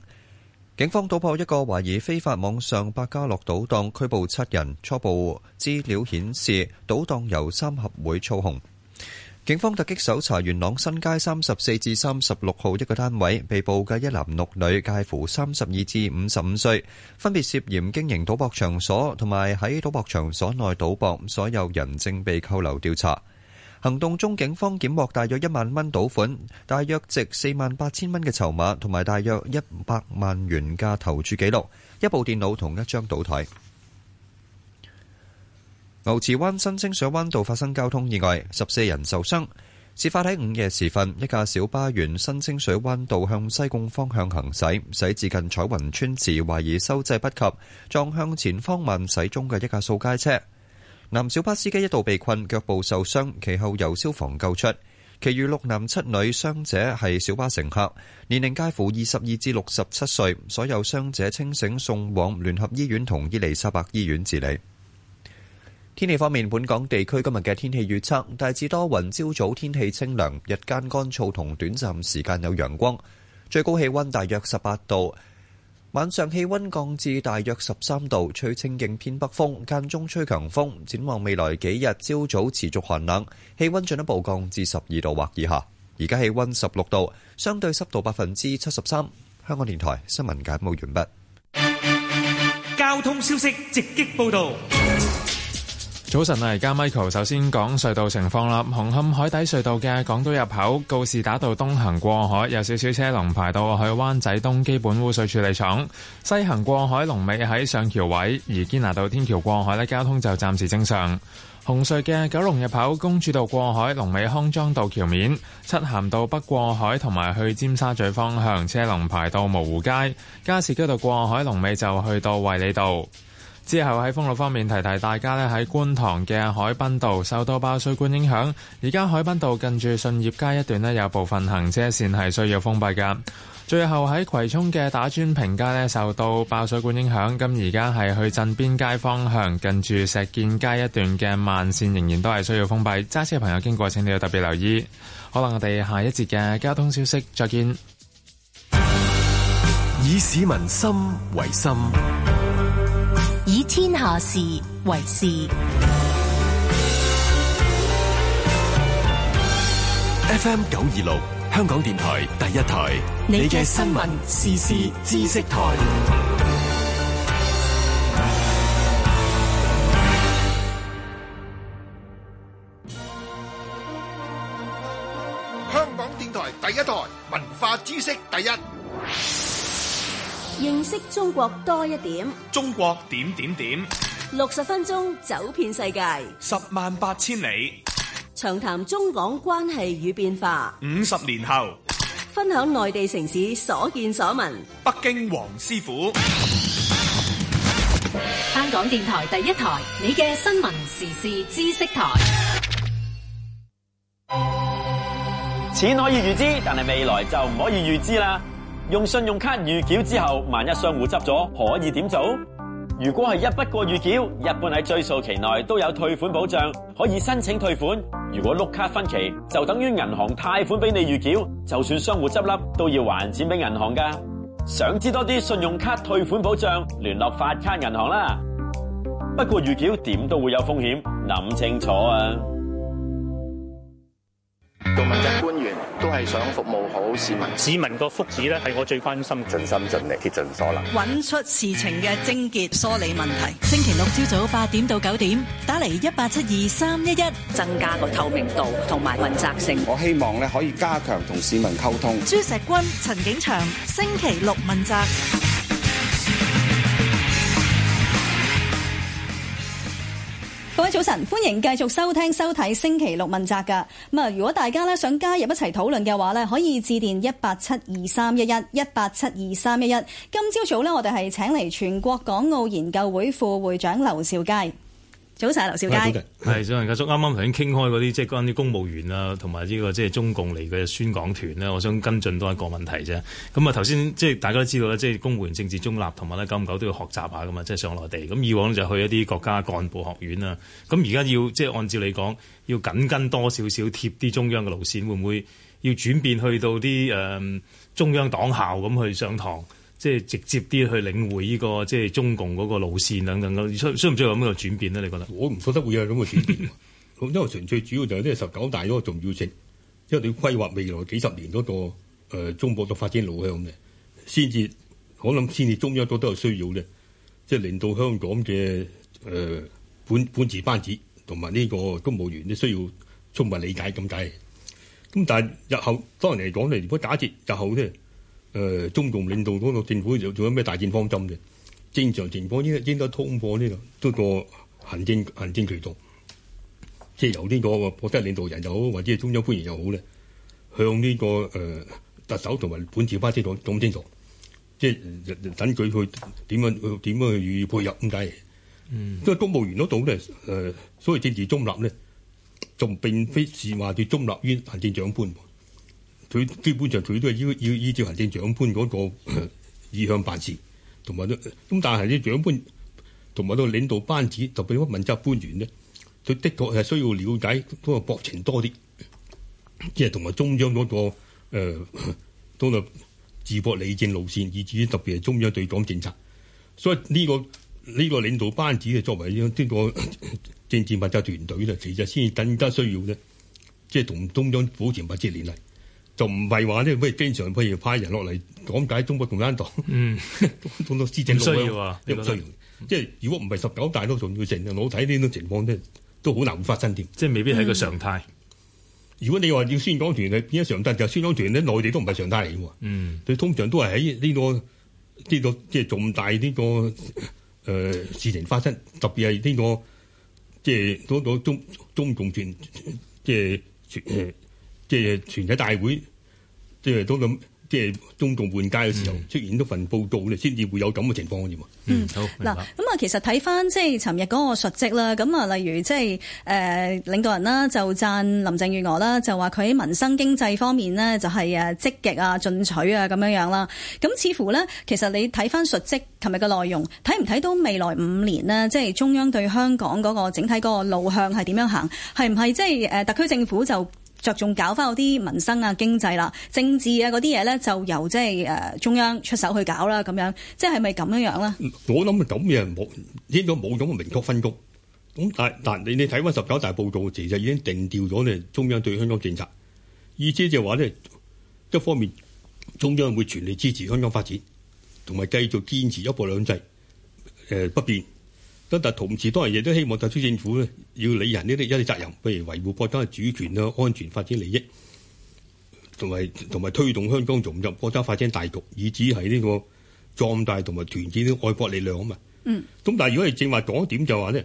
警方搗破一個懷疑非法網上百家樂賭檔，拘捕七人。初步資料顯示，賭檔由三合會操控。警方突擊搜查元朗新街三十四至三十六號一個單位，被捕嘅一男六女，介乎三十二至五十五歲，分別涉嫌經營賭博場所同埋喺賭博場所內賭博，所有人正被扣留調查。行動中，警方檢獲大約一萬蚊賭款，大約值四萬八千蚊嘅籌碼，同埋大約一百萬元嘅投注記錄，一部電腦同一張賭台。牛池灣新清水灣道發生交通意外，十四人受傷。事發喺午夜時分，一架小巴沿新清水灣道向西貢方向行駛，駛至近彩雲村時，懷疑收掣不及，撞向前方慢駛中嘅一架掃街車。男小巴司機一度被困，腳部受傷，其後由消防救出。其餘六男七女傷者係小巴乘客，年齡介乎二十二至六十七歲。所有傷者清醒，送往聯合醫院同伊利沙伯醫院治理。天氣方面，本港地區今日嘅天氣預測大致多雲，朝早天氣清涼，日間乾燥同短暫時間有陽光，最高氣溫大約十八度。晚上氣溫降至大約十三度，吹清勁偏北風，間中吹強風。展望未來幾日，朝早持續寒冷，氣溫進一步降至十二度或以下。而家氣溫十六度，相對濕度百分之七十三。香港電台新聞簡報完畢。交通消息直擊報道。早晨啊，而家 Michael 首先講隧道情況啦。紅磡海底隧道嘅港島入口告士打道東行過海有少少車龍排到去灣仔東基本污水處理廠，西行過海龍尾喺上橋位；而堅拿道天橋過海呢，交通就暫時正常。紅隧嘅九龍入口公主道過海龍尾康莊道橋面，漆咸道北過海同埋去尖沙咀方向車龍排到蕪湖街，加士居道過海龍尾就去到衛理道。之後，喺封路方面提提大家呢，喺觀塘嘅海濱道受到爆水管影響，而家海濱道近住信業街一段呢有部分行車線係需要封閉噶。最後喺葵涌嘅打磚坪街呢受到爆水管影響，咁而家係去鎮邊街方向近住石建街一段嘅慢線仍然都係需要封閉，揸車嘅朋友經過請你要特別留意。好啦，我哋下一節嘅交通消息再見。以市民心為心。下事為事，FM 九二六，香港電台第一台，你嘅新聞時事知識台，香港電台第一台文化知識第一。認識中國多一點，中國點點點，六十分鐘走遍世界，十萬八千里，長談中港關係與變化，五十年後，分享內地城市所見所聞，北京王師傅，香港電台第一台，你嘅新聞時事知識台，錢可以預知，但係未來就唔可以預知啦。用信用卡預繳之後，萬一商戶執咗，可以點做？如果係一筆過預繳，一般喺追訴期內都有退款保障，可以申請退款。如果碌卡分期，就等於銀行貸款俾你預繳，就算商戶執笠，都要還錢俾銀行噶。想知多啲信用卡退款保障，聯絡發卡銀行啦。不過預繳點都會有風險，諗清楚啊。係想服務好市民，市民個福祉咧係我最關心，盡心盡力竭盡所能，揾出事情嘅症結，梳理問題。星期六朝早八點到九點，打嚟一八七二三一一，增加個透明度同埋問責性。我希望咧可以加強同市民溝通。朱鍚君、陳景祥，星期六問責。各位早晨，歡迎繼續收聽、收睇星期六問責㗎。咁啊，如果大家咧想加入一齊討論嘅話咧，可以致電一八七二三一一一八七二三一一。今朝早咧，我哋係請嚟全國港澳研究會副會長劉兆佳。早晨，劉兆佳。係，早晨教授。啱啱頭先傾開嗰啲，即係關於公務員啊，同埋呢個即係中共嚟嘅宣講團咧。我想跟進多一個問題啫。咁啊，頭先即係大家都知道咧，即係公務員政治中立，同埋咧久唔久都要學習下噶嘛，即係上內地。咁以往就去一啲國家幹部學院啊。咁而家要即係按照你講，要緊跟多少少貼啲中央嘅路線，會唔會要轉變去到啲誒、嗯、中央黨校咁去上堂？即係直接啲去領會呢、呢個即係中共嗰個路線等等，夠需唔需要有咁嘅轉變咧？你覺得？我唔覺得會有咁嘅轉變。 (laughs) 因為純粹主要就係呢十九大嗰個重要性，因為你規劃未來幾十年嗰、那個、呃、中國嘅發展路向嘅，我想先至可能先至中央都都有需要嘅，即係令到香港嘅誒、呃、本本治班子同埋呢個公務員都需要充分理解咁解。咁但係日後當然嚟講，你如果打折日後咧。誒、呃、中共領導嗰政府，仲仲有咩大政方針嘅，正常情況應該應該通過呢、這個通、這個行政行政渠道，即係由呢個國家領導人又好，或者係中央官員又好咧，向呢、這個誒、呃、特首同埋本地花車黨講清楚，即係等佢去點樣，樣去點樣去予以配合咁解。嗯，即係公務員度咧，誒、呃、所謂政治中立咧，仲並非是話對中立於行政長官。佢基本上佢都係要要依照行政長官、那個、呃、意向辦事，同埋都咁。但係啲長官同埋都領導班子，特別嗰啲問責官員咧，佢的確係需要了解個國情多啲，即係同埋中央、那個誒誒嗰個治國理政路線，以至於特別係中央對港政策。所以呢、這個呢、這個領導班子啊作為呢個政治問責團隊咧，其實先至更加需要咧，即係同中央保持密切聯繫。就唔係話呢，不如經常不如派人落嚟講解中國共產黨，咁多施政需要啊，唔需要。即係如果唔係十九大都仲要性，我睇呢種情況咧，都好難會發生添。即係未必係個常態。嗯、如果你話要宣講團嘅變咗常態，就宣講團咧內地都唔係常態嚟嘅喎。嗯，佢通常都係喺呢個呢、呢個、呢個、即係重大呢、呢個誒、呃、事情發生，特別係呢、呢個即係嗰中中共團即係誒。即係全體大會，即係都咁，即係中共換屆嘅時候出現咗份報告咧，先至會有咁嘅情況、嗯、好嗱。咁啊、嗯，其實睇翻即係尋日嗰個述職啦。咁啊，例如即係誒領導人啦，就讚林鄭月娥啦，就話佢喺民生經濟方面呢，就係誒積極啊、進取啊咁樣樣啦。咁似乎呢，其實你睇翻述職琴日嘅內容，睇唔睇到未來五年呢？即係中央對香港嗰個整體嗰個路向係點樣行？係唔係即係誒特區政府就？着重搞翻嗰啲民生啊、經濟啦、政治啊嗰啲嘢咧，就由即係誒中央出手去搞啦，咁樣即係咪咁樣樣咧？我諗咁嘅冇，應該冇咁嘅明確分工，咁但但你你睇翻十九大報告，其實已經定調咗咧，中央對香港政策，意思就係話咧，一方面中央會全力支持香港發展，同埋繼續堅持一國兩制誒不變。但同時，當然亦都希望特區政府咧要理人呢啲一啲責任，譬如維護國家嘅主權啦、安全發展利益，同埋同埋推動香港融入國家發展大局，以至喺呢個壯大同埋團結啲愛國力量啊嘛。嗯，咁但係如果係正話講一點就，就話呢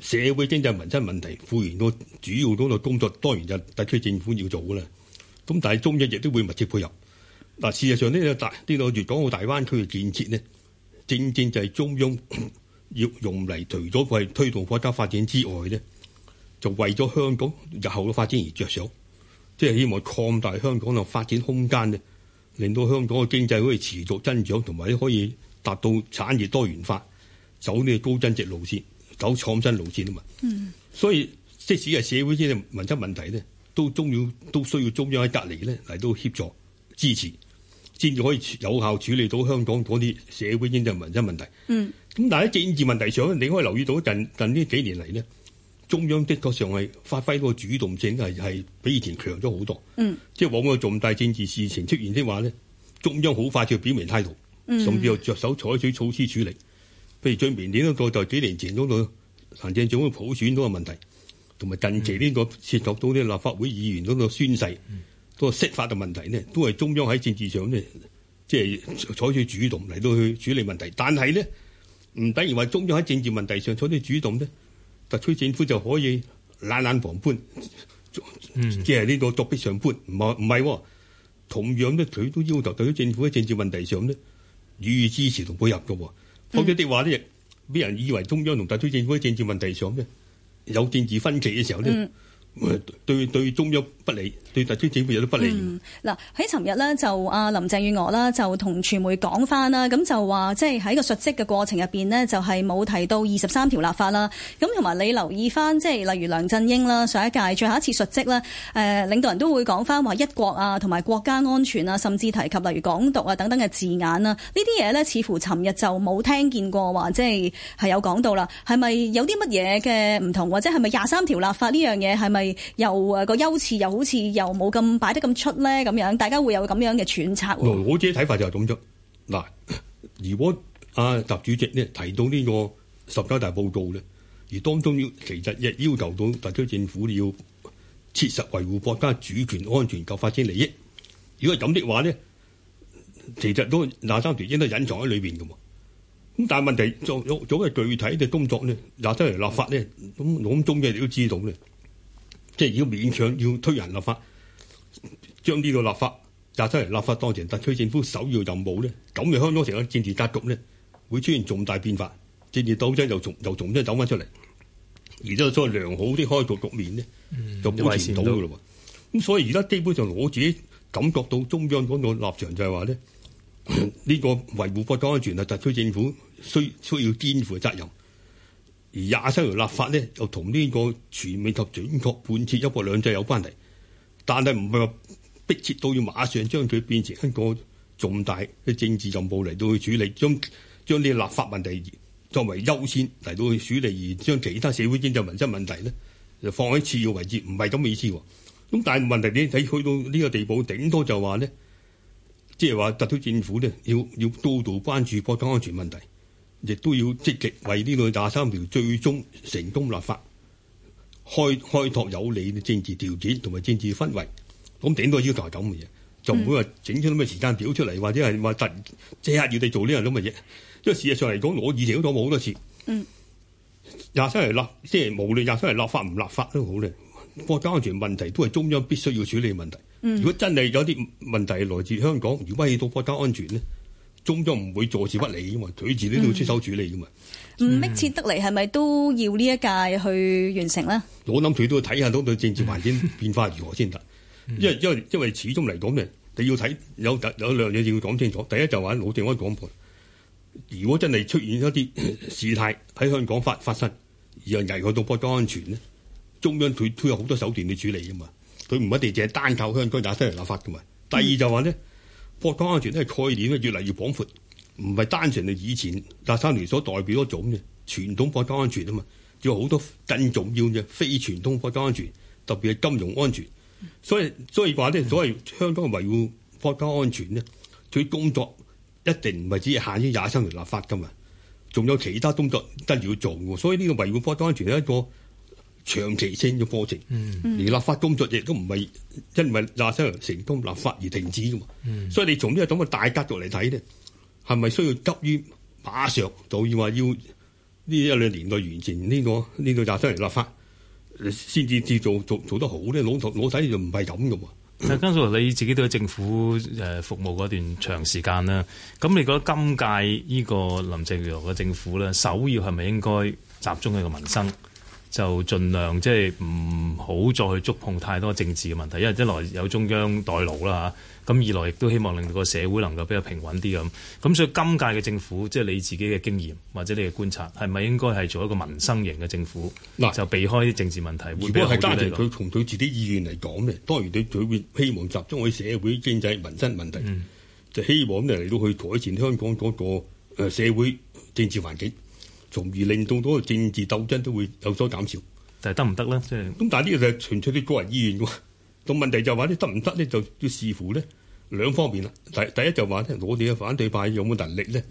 社會經濟民生問題，固然個主要嗰個工作當然就特區政府要做嘅啦。咁但係中央亦都會密切配合。嗱，事實上咧，呢個、大呢、呢個粵港澳大灣區嘅建設呢，正正就係中央。要用嚟除咗佢係推動國家發展之外咧，就為咗香港日後嘅發展而着想，即係希望擴大香港嘅發展空間啊，令到香港嘅經濟可以持續增長，同埋可以達到產業多元化，走呢個高增值路線，走創新路線啊嘛。嗯，所以即使係社會性嘅民生問題咧，都中央都需要中央喺隔籬咧嚟到協助支持。先至可以有效處理到香港嗰啲社會經濟民生問題。嗯，咁但喺政治問題上，你可以留意到近近呢幾年嚟咧，中央的確上係發揮個主動性係係比以前強咗好多。嗯，即係往個重大政治事情出現的話咧，中央好快就要表明態度，甚至又着手採取措施處理。嗯、譬如最明顯嗰個就係幾年前嗰個行政長官普選嗰個問題，同埋近期呢個涉及到啲立法會議員嗰個宣誓。嗯嗯個釋法嘅問題呢，都係中央喺政治上呢，即係採取主動嚟到去處理問題。但係呢，唔等於話中央喺政治問題上採取主動呢，特區政府就可以冷冷旁觀，嗯、即係呢、呢個作壁上觀。唔係唔係，同樣呢，佢都要求對於政府喺政治問題上呢，予以支持同配合嘅、哦。否則的話呢，俾人以為中央同特區政府喺政治問題上呢，有政治分歧嘅時候呢，嗯、對對，對中央。不利，對特區政府有啲不利。嗱，喺尋日呢，就阿林鄭月娥啦，就同傳媒講翻啦，咁就話即係喺個述職嘅過程入邊呢，就係、是、冇提到二十三條立法啦。咁同埋你留意翻，即係例如梁振英啦，上一屆最後一次述職啦，誒、呃、領導人都會講翻話一國啊，同埋國家安全啊，甚至提及例如港獨啊等等嘅字眼啊。呢啲嘢呢，似乎尋日就冇聽見過話，即係係有講到啦。係咪有啲乜嘢嘅唔同，或者係咪廿三條立法呢樣嘢係咪又誒、嗰個優次又好似又冇咁擺得咁出咧，咁樣大家會有咁樣嘅揣測。我自己睇法就係咁樣。嗱，如果阿習主席咧提到呢個十九大報告咧，而當中要其實亦要求到特區政府要切實維護國家主權、安全及發展利益。如果係咁的話咧，其實都廿三條應該隱藏喺裏邊嘅嘛。咁但係問題作做咗嘅具體嘅工作呢，廿三條立法咧，咁我咁中嘅你都知道咧。即係如果勉強要推人立法，將呢個立法，廿三條立法當成特區政府首要任務咧，咁又香港成個政治格局咧，會出現重大變化。政治鬥爭又重又，又重新走翻出嚟，而所謂良好啲開局局面咧，就保持唔到噶咯喎。咁、嗯嗯、所以而家基本上我自己感覺到中央嗰個立場就係話咧，呢、呢個維護國家安全啊，特區政府需要需要肩負嘅責任。而廿三條立法咧，就同呢個全面及準確貫徹一國兩制有關係，但係唔係話迫切到要馬上將佢變成一個重大嘅政治任務嚟到去處理，將將呢個立法問題作為優先嚟到去處理，而將其他社會經濟民生問題咧就放喺次要位置，唔係咁嘅意思。咁但係問題你睇去到呢個地步，頂多就話咧，即係話特區政府咧要要高度關注國家安全問題。亦都要積極為呢兩廿三條最終成功立法，開開拓有利嘅政治條件同埋政治氛圍。咁頂多要求就係咁嘅嘢，嗯、就唔會話整出咁嘅時間表出嚟，或者係話突即刻要你做呢樣咁嘅嘢。因為事實上嚟講，我以前都講過好多次，廿、嗯、三條立即無論廿三條立法唔立法都好咧，國家安，安全問題都係中央必須要處理嘅問題。如果真係有啲問題來自香港，而威脅到國家安，安全咧？中央唔會坐視不理嘅嘛，佢自己都要出手處理嘅嘛。唔迫切得嚟，係咪都要呢一屆去完成咧？我諗佢都要睇下，到到政治環境變化如何先得。嗯、因為因為因為始終嚟講咧，你要睇有有，有兩樣嘢要講清楚。第一就話、老話老政安講盤，如果真係出現一啲事態喺香港發發生，而又危害到國家安全咧，中央佢都有好多手段去處理嘅嘛。佢唔一定淨係單靠香港打西嚟立法嘅嘛。第二、嗯、就話咧。國家安全咧係概念咧越嚟越廣闊，唔係單純係以前廿三條所代表嗰種嘅傳統國家安全啊嘛，仲有好多更重要嘅非傳統國家安全，特別係金融安全。所以所以話咧，所謂香港維護國家安全咧，佢、嗯、工作一定唔係只限於廿三條立法噶嘛，仲有其他工作得要做。所以呢個維護國家安全係一個。長期性嘅過程，而立法工作亦都唔係，因唔係廿三條成功立法而停止嘅嘛。所以你從呢個咁嘅大格局嚟睇咧，係咪需要急於馬上就要話要呢一兩年內完成呢、呢個呢、呢個廿三條立法先至至做做做得好咧？老老睇就唔係咁㗎嘛。但阿江叔，你自己都喺政府誒服務嗰段長時間啦，咁你覺得今屆呢個林鄭月娥嘅政府咧，首要係咪應該集中喺個民生？就盡量即係唔好再去觸碰太多政治嘅問題，因為一來有中央代勞啦，嚇，咁二來亦都希望令到個社會能夠比較平穩啲咁。咁所以今屆嘅政府，即係你自己嘅經驗或者你嘅觀察，係咪應該係做一個民生型嘅政府，就避開政治問題？啊、會比 如果係單純佢從佢自己意願嚟講咧，嗯、當然佢佢會希望集中喺社會經濟民生問題，就希望嚟到去改善香港嗰個誒社會政治環境。從而令到嗰個政治鬥爭都會有所減少，但係得唔得咧？即係咁，但係呢個就係純粹啲個人意願喎。個問題就話你得唔得咧，就要視乎咧兩方面啦。第第一就話咧，我哋嘅反對派有冇能力咧，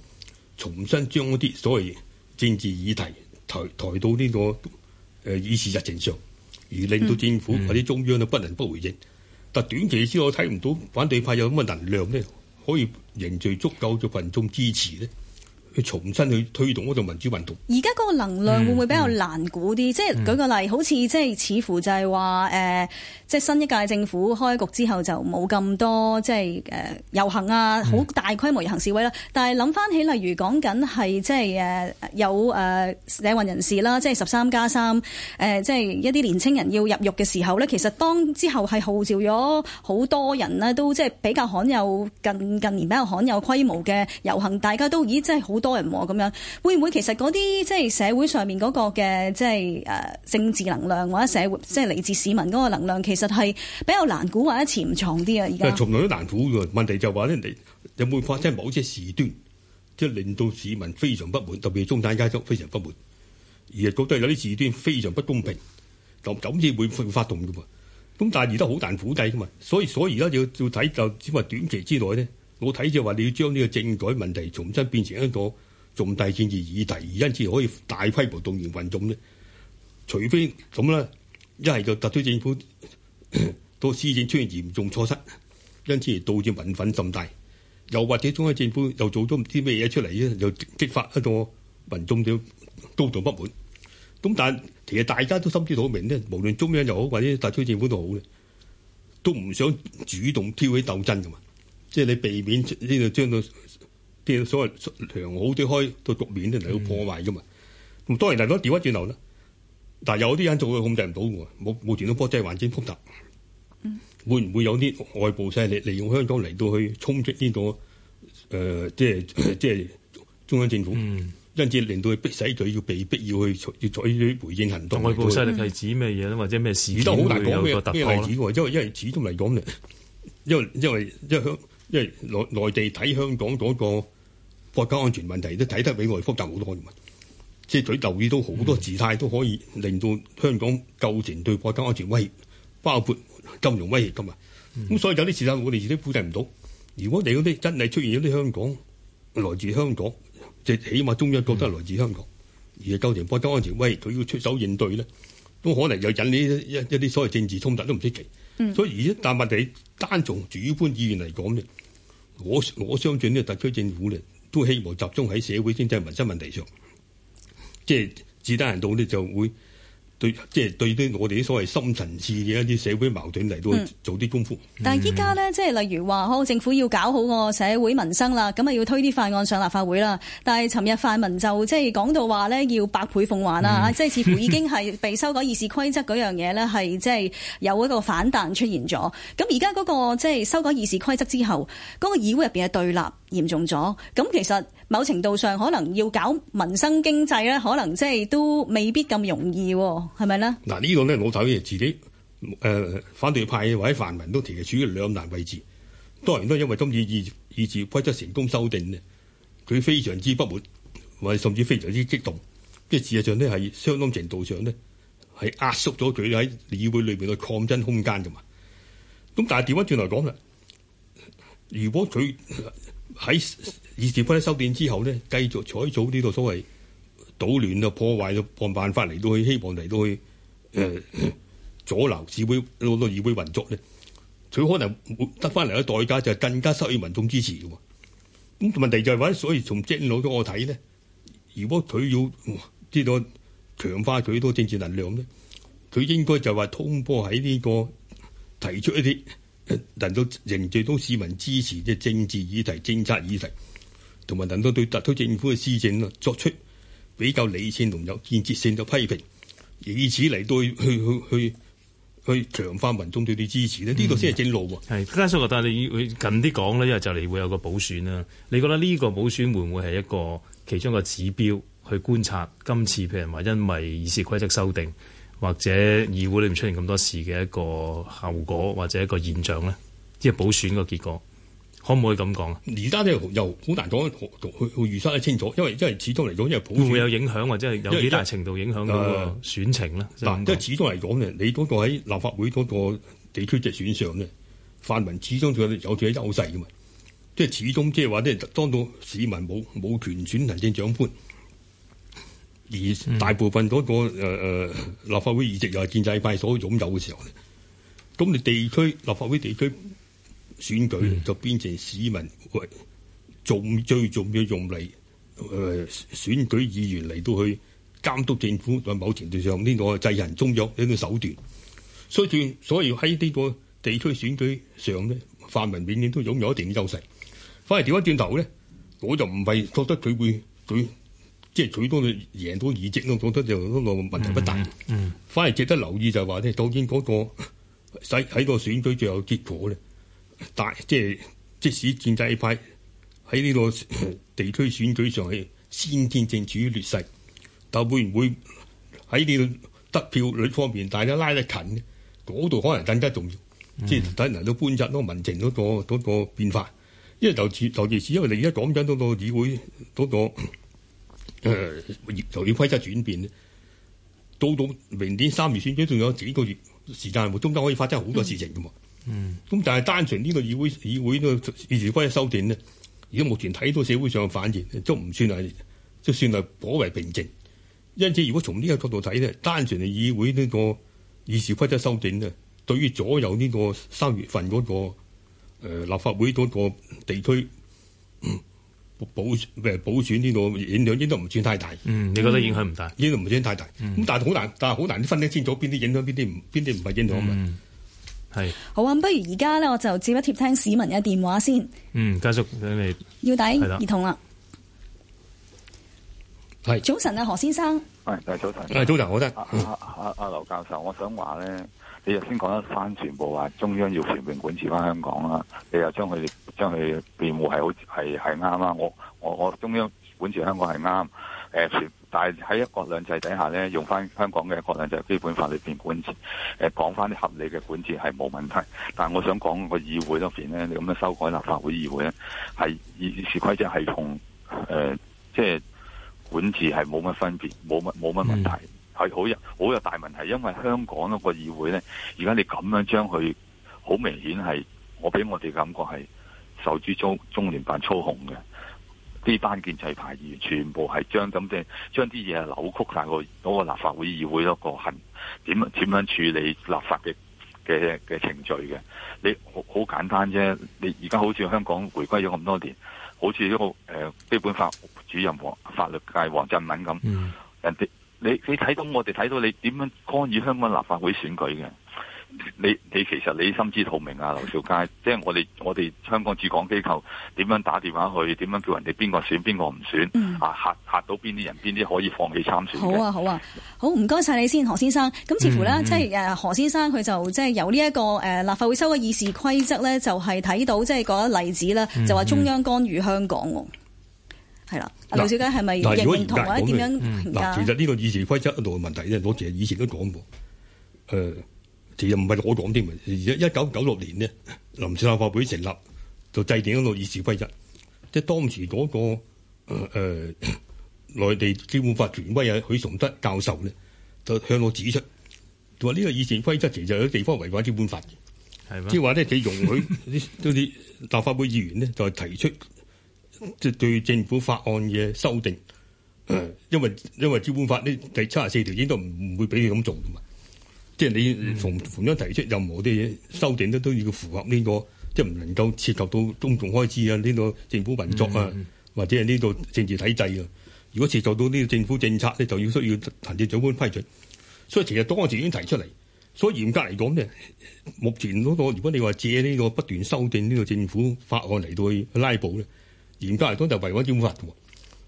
重新將嗰啲所謂政治議題抬抬，抬到呢、呢個誒呃、議事日程上，而令到政府或者、嗯、中央都不能不回應。嗯、但短期之內我睇唔到反對派有乜能量咧，可以凝聚足夠嘅羣眾支持咧。去重新去推動嗰個民主運動，而家嗰個能量會唔會比較難估啲？即係、嗯嗯、舉個例，好似即係似乎就係話誒即係新一屆政府開局之後就冇咁多即係誒遊行啊，好大規模遊行示威啦。嗯、但係諗翻起，例如講緊係即係誒有誒、呃、社運人士啦，即係十三加三誒即係一啲年青人要入獄嘅時候咧，其實當之後係號召咗好多人咧，都即係比較罕有近近年比較罕有規模嘅遊行，大家都咦真係好～多人咁樣，會唔會其實嗰啲即係社會上面嗰個嘅即係誒、啊、政治能量或者社會即係嚟自市民嗰個能量，其實係比較難估或者潛藏啲啊？而家從來都難估嘅問題就話，是，咧，有冇發生某啲事端，即係令到市民非常不滿，特別中產階級非常不滿，而係覺得有啲事端非常不公平，就咁先會會發動嘅噃。咁但係而家好難估計噶嘛，所以所以而家要要睇就只係短期之內咧。我睇就話你要將呢個政改問題重新變成一個重大政治議題，而因此可以大規模動員群眾咧。除非咁咧，一係就特區政府到施政出現嚴重錯失，因此而導致民憤甚大；又或者中央政府又做咗唔知咩嘢出嚟咧，又激發一個民眾嘅高度不滿。咁但其實大家都心知肚明咧，無論中央又好或者特區政府都好咧，都唔想主動挑起鬥爭噶嘛。即係你避免呢度將到啲所謂良好啲開到局面咧嚟到破壞嘅嘛，咁、嗯、當然大家都調翻轉頭啦。但係有啲人做佢控制唔到喎，冇冇前嗰波，即係環境複雜。嗯、會唔會有啲外部勢力利用香港嚟到去衝擊呢、呢個誒、呃？即係即係中央政府，嗯、因此令到佢逼使佢要被逼要去要採取回應行動。外部勢力係指咩嘢咧？或者咩事都好難講，咩例子因為因為始終嚟講咧，因為因為因為香。因為內內地睇香港嗰個國家安全問題，都睇得比外複雜好多嘅嘛。即係佢留意到好多姿態，都可以令到香港構成對國家安全威脅，包括金融威脅咁啊。咁、嗯、所以有啲事實我哋自己估計唔到。如果你嗰啲真係出現咗啲香港，來自香港，即係起碼中央覺得來自香港，嗯、而構成國家安全威脅，佢要出手應對咧，都可能又引起一啲所謂政治衝突都不，都唔出奇。所以而家但問題，單從主觀意願嚟講咧，我我相信呢個特區政府咧都希望集中喺社會經濟民生問題上，即係自單人道咧就會。對，即、就、係、是、對啲我哋所謂深層次嘅一啲社會矛盾嚟到做啲功夫。嗯、但係依家呢，即係例如話，好政府要搞好個社會民生啦，咁啊要推啲法案上立法會啦。但係尋日泛民就即係講到話呢要百倍奉還啦，即係、嗯啊就是、似乎已經係被修改議事規則嗰樣嘢呢，係即係有一個反彈出現咗。咁而家嗰個即係、就是、修改議事規則之後，嗰、那個議會入面嘅對立嚴重咗。咁其實。某程度上可能要搞民生經濟咧，可能即係都未必咁容易，係咪呢？嗱，呢個咧老豆亦自己、呃、反對派或者泛民都其實處於兩難位置。當然都因為今次議議事規則成功修訂呢，佢非常之不滿，或者甚至非常之激動，即係事實上呢係相當程度上呢係壓縮咗佢喺議會裏面嘅抗爭空間㗎嘛。咁但係點樣轉頭講咧？如果佢喺議事規則修訂之後咧，繼續採取呢個所謂搗亂啊、破壞嘅辦辦法嚟到去，希望嚟到去、呃、阻撓市會好多議會運作咧。佢可能得翻嚟嘅代價就更加失去民眾支持嘅。咁問題就係話，所以從政路咗我睇咧，如果佢要、哦、知道強化佢多政治能量咧，佢應該就話通過喺呢個提出一啲能夠凝聚到市民支持嘅政治議題、政策議題。同埋能夠對特區政府嘅施政啦，作出比較理性同有建設性嘅批評，以此嚟到去去去去強化民眾對啲支持咧，呢個先係正路喎。係、嗯，佳叔，但係你近啲講呢，因為就嚟會有個補選啦。你覺得呢個補選會唔會係一個其中一個指標去觀察今次譬如話因為議事規則修訂或者議會裏面出現咁多事嘅一個效果或者一個現象呢？即係補選個結果。可唔可以咁講啊？而家咧又好難講，去預測得清楚，因為即係始終嚟講，因為會唔會有影響，或者係有幾大程度影響嗰個選情咧？呃、即係是始終嚟講咧，你嗰個喺立法會嗰個地區直選上咧，泛民始終有有啲優勢嘅嘛。即係始終即係話咧，當到市民冇冇權選行政長官，而大部分嗰、嗰個誒、嗯呃、立法會議席又係建制派所擁有嘅時候咧，咁你地區立法會地區選舉就變成市民為重最重要用嚟誒選舉議員嚟到去監督政府，在某程度上呢個制衡中央呢個手段。所以，所以喺呢個地區選舉上呢，泛民永遠都擁有一定嘅優勢。反而調一轉頭咧，我就唔係覺得佢會，佢即係最多贏到議席，我覺得就嗰個問題不大。嗯嗯，反而值得留意就係話咧，究竟嗰個喺喺個選舉最後結果咧？但即係即使建制派喺呢個地區選舉上係先天正處於劣勢，但會唔會喺呢個得票率方面，大家拉得近，嗰度可能更加重要。嗯、即係等嚟到觀察嗰個民情嗰個嗰個變化，因為就似尤其是因為你而家講緊嗰個議會嗰、嗰個誒，由、呃、於規則轉變，到到明年三月選舉仲有幾個月時間，中間可以發生好多事情嘅嘛。嗯嗯，咁但係單純呢個議會議會呢個議事規則修訂呢，而家目前睇到社會上嘅反應，都唔算係，都算係頗為平靜。因此，如果從呢個角度睇呢，單純係議會呢個議事規則修訂呢，對於左右呢個三月份嗰、嗰個誒、呃、立法會嗰個地區保誒補選呢個影響，應該唔算太大。嗯，你覺得影響唔大？應該唔算太大。咁、嗯、但係好難，但係好難分得清楚邊啲影響邊啲唔邊啲唔係影響啊。嗯係是好啊！不如而家咧，我就接一接聽市民嘅電話先。嗯，家叔你要睇兒童啦。係的早晨啊，何先生。喂，早晨。早晨、啊，好得。阿阿劉教授，我想話咧，你頭先講得翻，全部話中央要全面管治翻香港啦。你又將佢哋將佢辯護係好係係啱啦。我我我中央管治香港係啱誒。但係喺一國兩制底下咧，用翻香港嘅《一國兩制基本法》裏面管治，講翻啲合理嘅管治係冇問題。但係我想講個議會裏面咧，你咁樣修改立法會議會咧，係議事規則係同即係管治係冇乜分別，冇乜冇乜問題，係好有好有大問題。因為香港嗰個議會咧，而家你咁樣將佢好明顯係，我俾我哋感覺係受住中中聯辦操控嘅。啲班建制派議員全部係將咁即係啲嘢扭曲晒，個嗰立法會議會一、嗰個痕點點樣處理立法嘅嘅嘅程序嘅？你好好簡單啫。你而家好似香港回歸咗咁多年，好似一好誒、呃、基本法主任王法律界王振民咁，嗯、人哋你你睇到我哋睇到你點樣干預香港立法會選舉嘅？你你其實你心知肚明啊，劉兆佳，即、就、係、是、我哋我哋香港駐港機構點樣打電話去，點樣叫人哋邊個選邊個唔選，吓吓、嗯啊、到邊啲人，邊啲可以放棄參選好啊好啊，好唔該晒你先，何先生。咁似乎呢，嗯嗯即係誒何先生佢就即係由呢一個誒、呃、立法會修嘅議事規則呢，就係、是、睇到即係嗰一例子啦，嗯嗯就話中央干預香港。係啦、嗯，劉兆佳係咪認同那或者點樣評價？嗱，其實呢個議事規則度嘅問題呢，我其實以前都講過，誒、呃。其實唔係我講添，一九九六年呢，臨時立法會成立就制定一個議事規則，即係當時嗰、那個誒、呃、內地基本法權威啊許崇德教授咧，就向我指出，話呢個議事規則其實有地方違反基本法嘅，即係話咧，佢容許啲啲立法會議員呢，就係提出，即係對政府法案嘅修訂，因為因為基本法呢第七十四條應該唔唔會俾佢咁做噶嘛。即係你從從中提出任何啲嘢修訂，都都要符合呢個，即係唔能夠涉及到公共開支啊，呢個政府運作啊，或者係呢個政治體制啊。如果涉及到呢個政府政策咧，就要需要行政長官批准。所以其實當局已經提出嚟，所以嚴格嚟講咧，目前嗰個如果你話借呢個不斷修訂呢個政府法案嚟到去拉布咧，嚴格嚟講就違反憲法。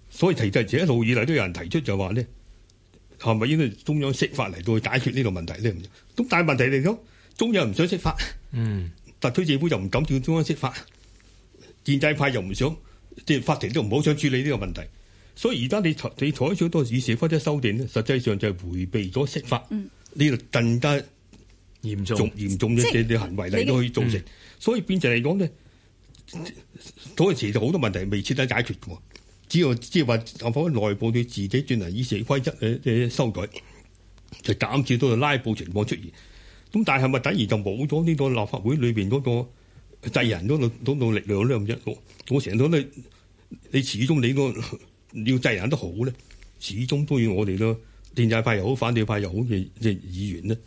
所以其實自一路以嚟都有人提出就話咧。係咪應該中央釋法嚟到去解決呢個問題咧？咁但係問題嚟講，中央唔想釋法，嗯，特區政府又唔敢叫中央釋法，建制派又唔想，即係法庭都唔好想處理呢個問題。所以而家你採你採取多啲憲法啲修訂咧，實際上就係迴避咗釋法呢、嗯、個更加嚴重嚴重啲即行為嚟到去造成。嗯、所以變成嚟講咧，嗰陣時就好多問題未徹底解決嘅。只要即係話，立法會內部對自己進行議事規則嘅嘅修改，就減少到拉布情況出現。咁但係咪等於就冇咗呢個立法會裏邊嗰個制人嗰度嗰力量咧？唔知我成日講咧，你始終你個要制人都好咧，始終都要我哋咯，建制派又好，反對派又好嘅嘅議員咧，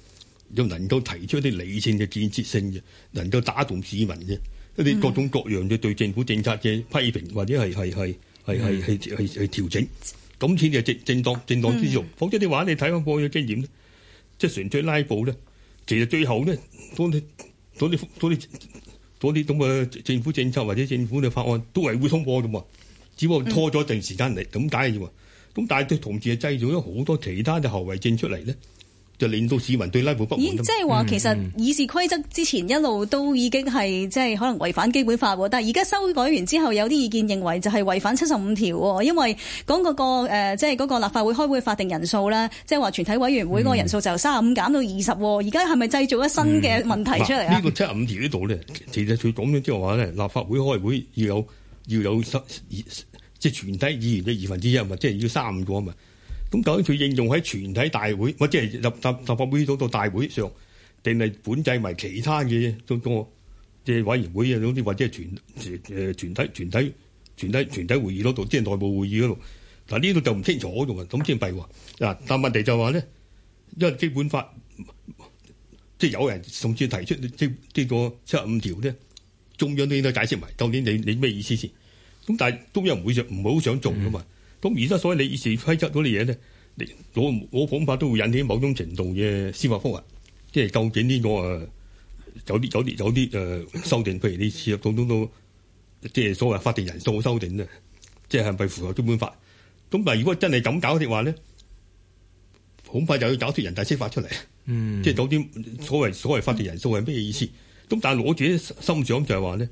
要能夠提出啲理性嘅建設性嘅，能夠打動市民嘅一啲各種各樣嘅對政府政策嘅批評，嗯、或者係係係。係係係係係調整，咁先至係正正當正當之用。否則你話你睇返我過去嘅經驗咧，即係純粹拉布咧，其實最後咧，多啲多啲多啲多啲咁嘅政府政策或者政府嘅法案都係會通過㗎嘛，只不過拖咗一段時間嚟，咁解啫喎。咁但係佢同時係製造咗好多其他嘅後遺症出嚟咧。就令到市民對拉布不滿。咦？即係話其實議事規則之前一路都已經係即係可能違反基本法喎，但係而家修改完之後，有啲意見認為就係違反七十五條喎，因為講、那、嗰個即係嗰個立法會開會法定人數啦，即係話全體委員會嗰個人數就由三十五減到二十喎。而家係咪製造咗新嘅問題出嚟啊？呢、嗯這個七十五條呢度咧，其實佢講咗即係話咧，立法會開會要有要有即係、就是、全體議員嘅二分之一嘛，即係要三五個啊嘛。咁究竟佢應用喺全體大會，或者係立立法會到度大會上，定係管制埋其他嘅，中即係委員會啊，啲或者係全全誒全體全體全體全體會議嗰度？即係內部會議嗰度。嗱呢度就唔清楚咗咁先係喎。嗱，但問題就話咧，因為基本法即係有人甚至提出呢呢、這個七十五條呢，中央都應該解釋埋。究竟你你咩意思先？咁但係中央唔會想唔好想做噶嘛。嗯咁而家所謂你以事規則嗰啲嘢咧，我我恐怕都會引起某種程度嘅司法覆核，即係究竟呢、這個誒、呃、有啲有啲有啲誒修訂，譬如你涉及到到到即係所,、嗯、所,所謂法定人數修訂咧，即係係咪符合基本法？咁但係如果真係咁搞嘅話咧，恐怕就要搞出人大釋法出嚟，即係有啲所謂所謂法定人數係咩意思？咁但係攞住啲心想就係話咧，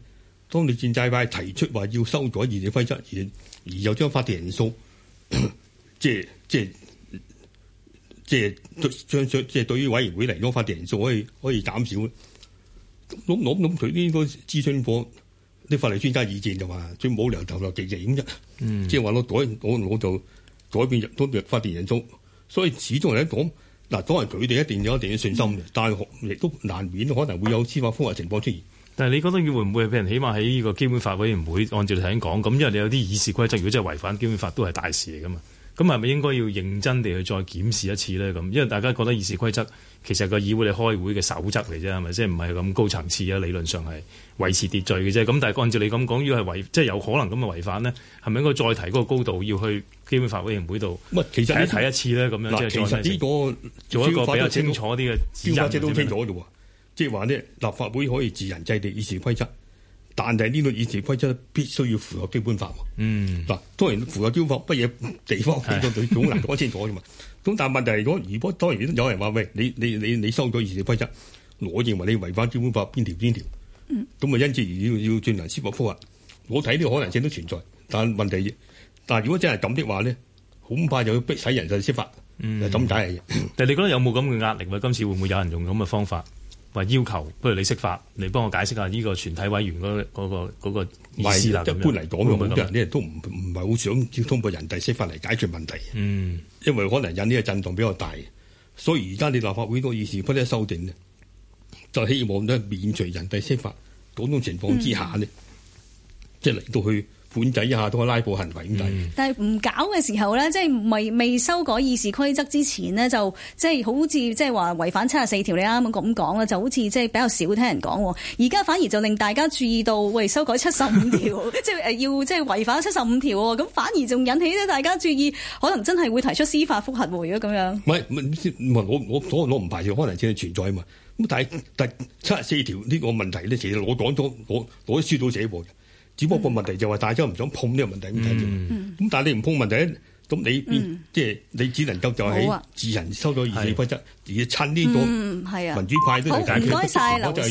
當你建制派提出話要修改議事規則，而而又將法定人數 (coughs) 即係即係即係，將即係對於委員會嚟講，法定人數可以可以減少。咁我諗諗佢呢個諮詢過啲法律專家意見就話，最冇理由投入極地染一，嗯、即係話我改我改到改變入多嘅法定人數，所以始終嚟講嗱，當然佢哋一定有一定嘅信心嘅，但係亦都難免可能會有司法覆核情況出現。但係你覺得會唔會係俾人？起碼喺呢個基本法委員會按照你頭先講，咁因為你有啲議事規則，如果真係違反基本法都係大事嚟噶嘛。咁係咪應該要認真地去再檢視一次咧？咁因為大家覺得議事規則其實係個議會你開會嘅守則嚟啫，係咪？即係唔係咁高層次啊？理論上係維持秩序嘅啫。咁但係按照你咁講，如果係違即係、就係、有可能咁嘅違反咧，係咪應該再提嗰個高度，要去基本法委員會度睇實一睇一次咧？咁樣即係呢個做一個比較清楚啲嘅。標法都清楚咗。即係話咧，立法會可以自行制定議事規則，但係呢個議事規則必須要符合基本法。嗯，嗱，當然符合基本法，乜嘢地方去做，總是難講清楚嘅嘛。咁 (laughs) 但係問題係，如果如果當然有人話喂，你你你你修咗議事規則，我認為你違反基本法邊條邊條。咁啊，嗯、咁就因此而要要進行司法複核，我睇呢個可能性都存在。但問題，但係如果真係咁的話咧，恐怕就要逼使人去司法。嗯，咁解嘅。但係你覺得有冇咁嘅壓力？今次會唔會有人用咁嘅方法？話要求不如你釋法，你幫我解釋下呢個全體委員嗰嗰，嗰個嗰個意思啦。一般嚟講，咁多啲人都唔唔係好想要通過人大釋法嚟解決問題。嗯，因為可能有呢個震動比較大，所以而家你立法會個議事規則修訂咧，就希望咧免除人大釋法嗰種情況之下呢，嗯、即係嚟到去。本仔一下都可拉布行為點計？嗯、但係唔搞嘅時候咧，即係未未修改議事規則之前呢，就即係好似即係話違反七十四條。你啱啱咁講啦，就好似即係比較少聽人講。而家反而就令大家注意到，喂，修改七十五條， (laughs) 即係誒要即係違反七十五條喎，咁反而仲引起咧大家注意，可能真係會提出司法覆核喎，如果咁樣。唔係唔係，我我我攞唔排除可能真係存在啊嘛。咁但係但係七十四條呢個問題咧，其實我講咗，我我都輸到死喎。只不過問題就係話大家唔想碰呢個問題咁睇住，咁、嗯、但係你唔碰問題，咁你邊即係你只能夠就喺自己人修咗議事規則，啊、而且趁呢個民主派都解決、嗯啊、好唔該晒，樓市。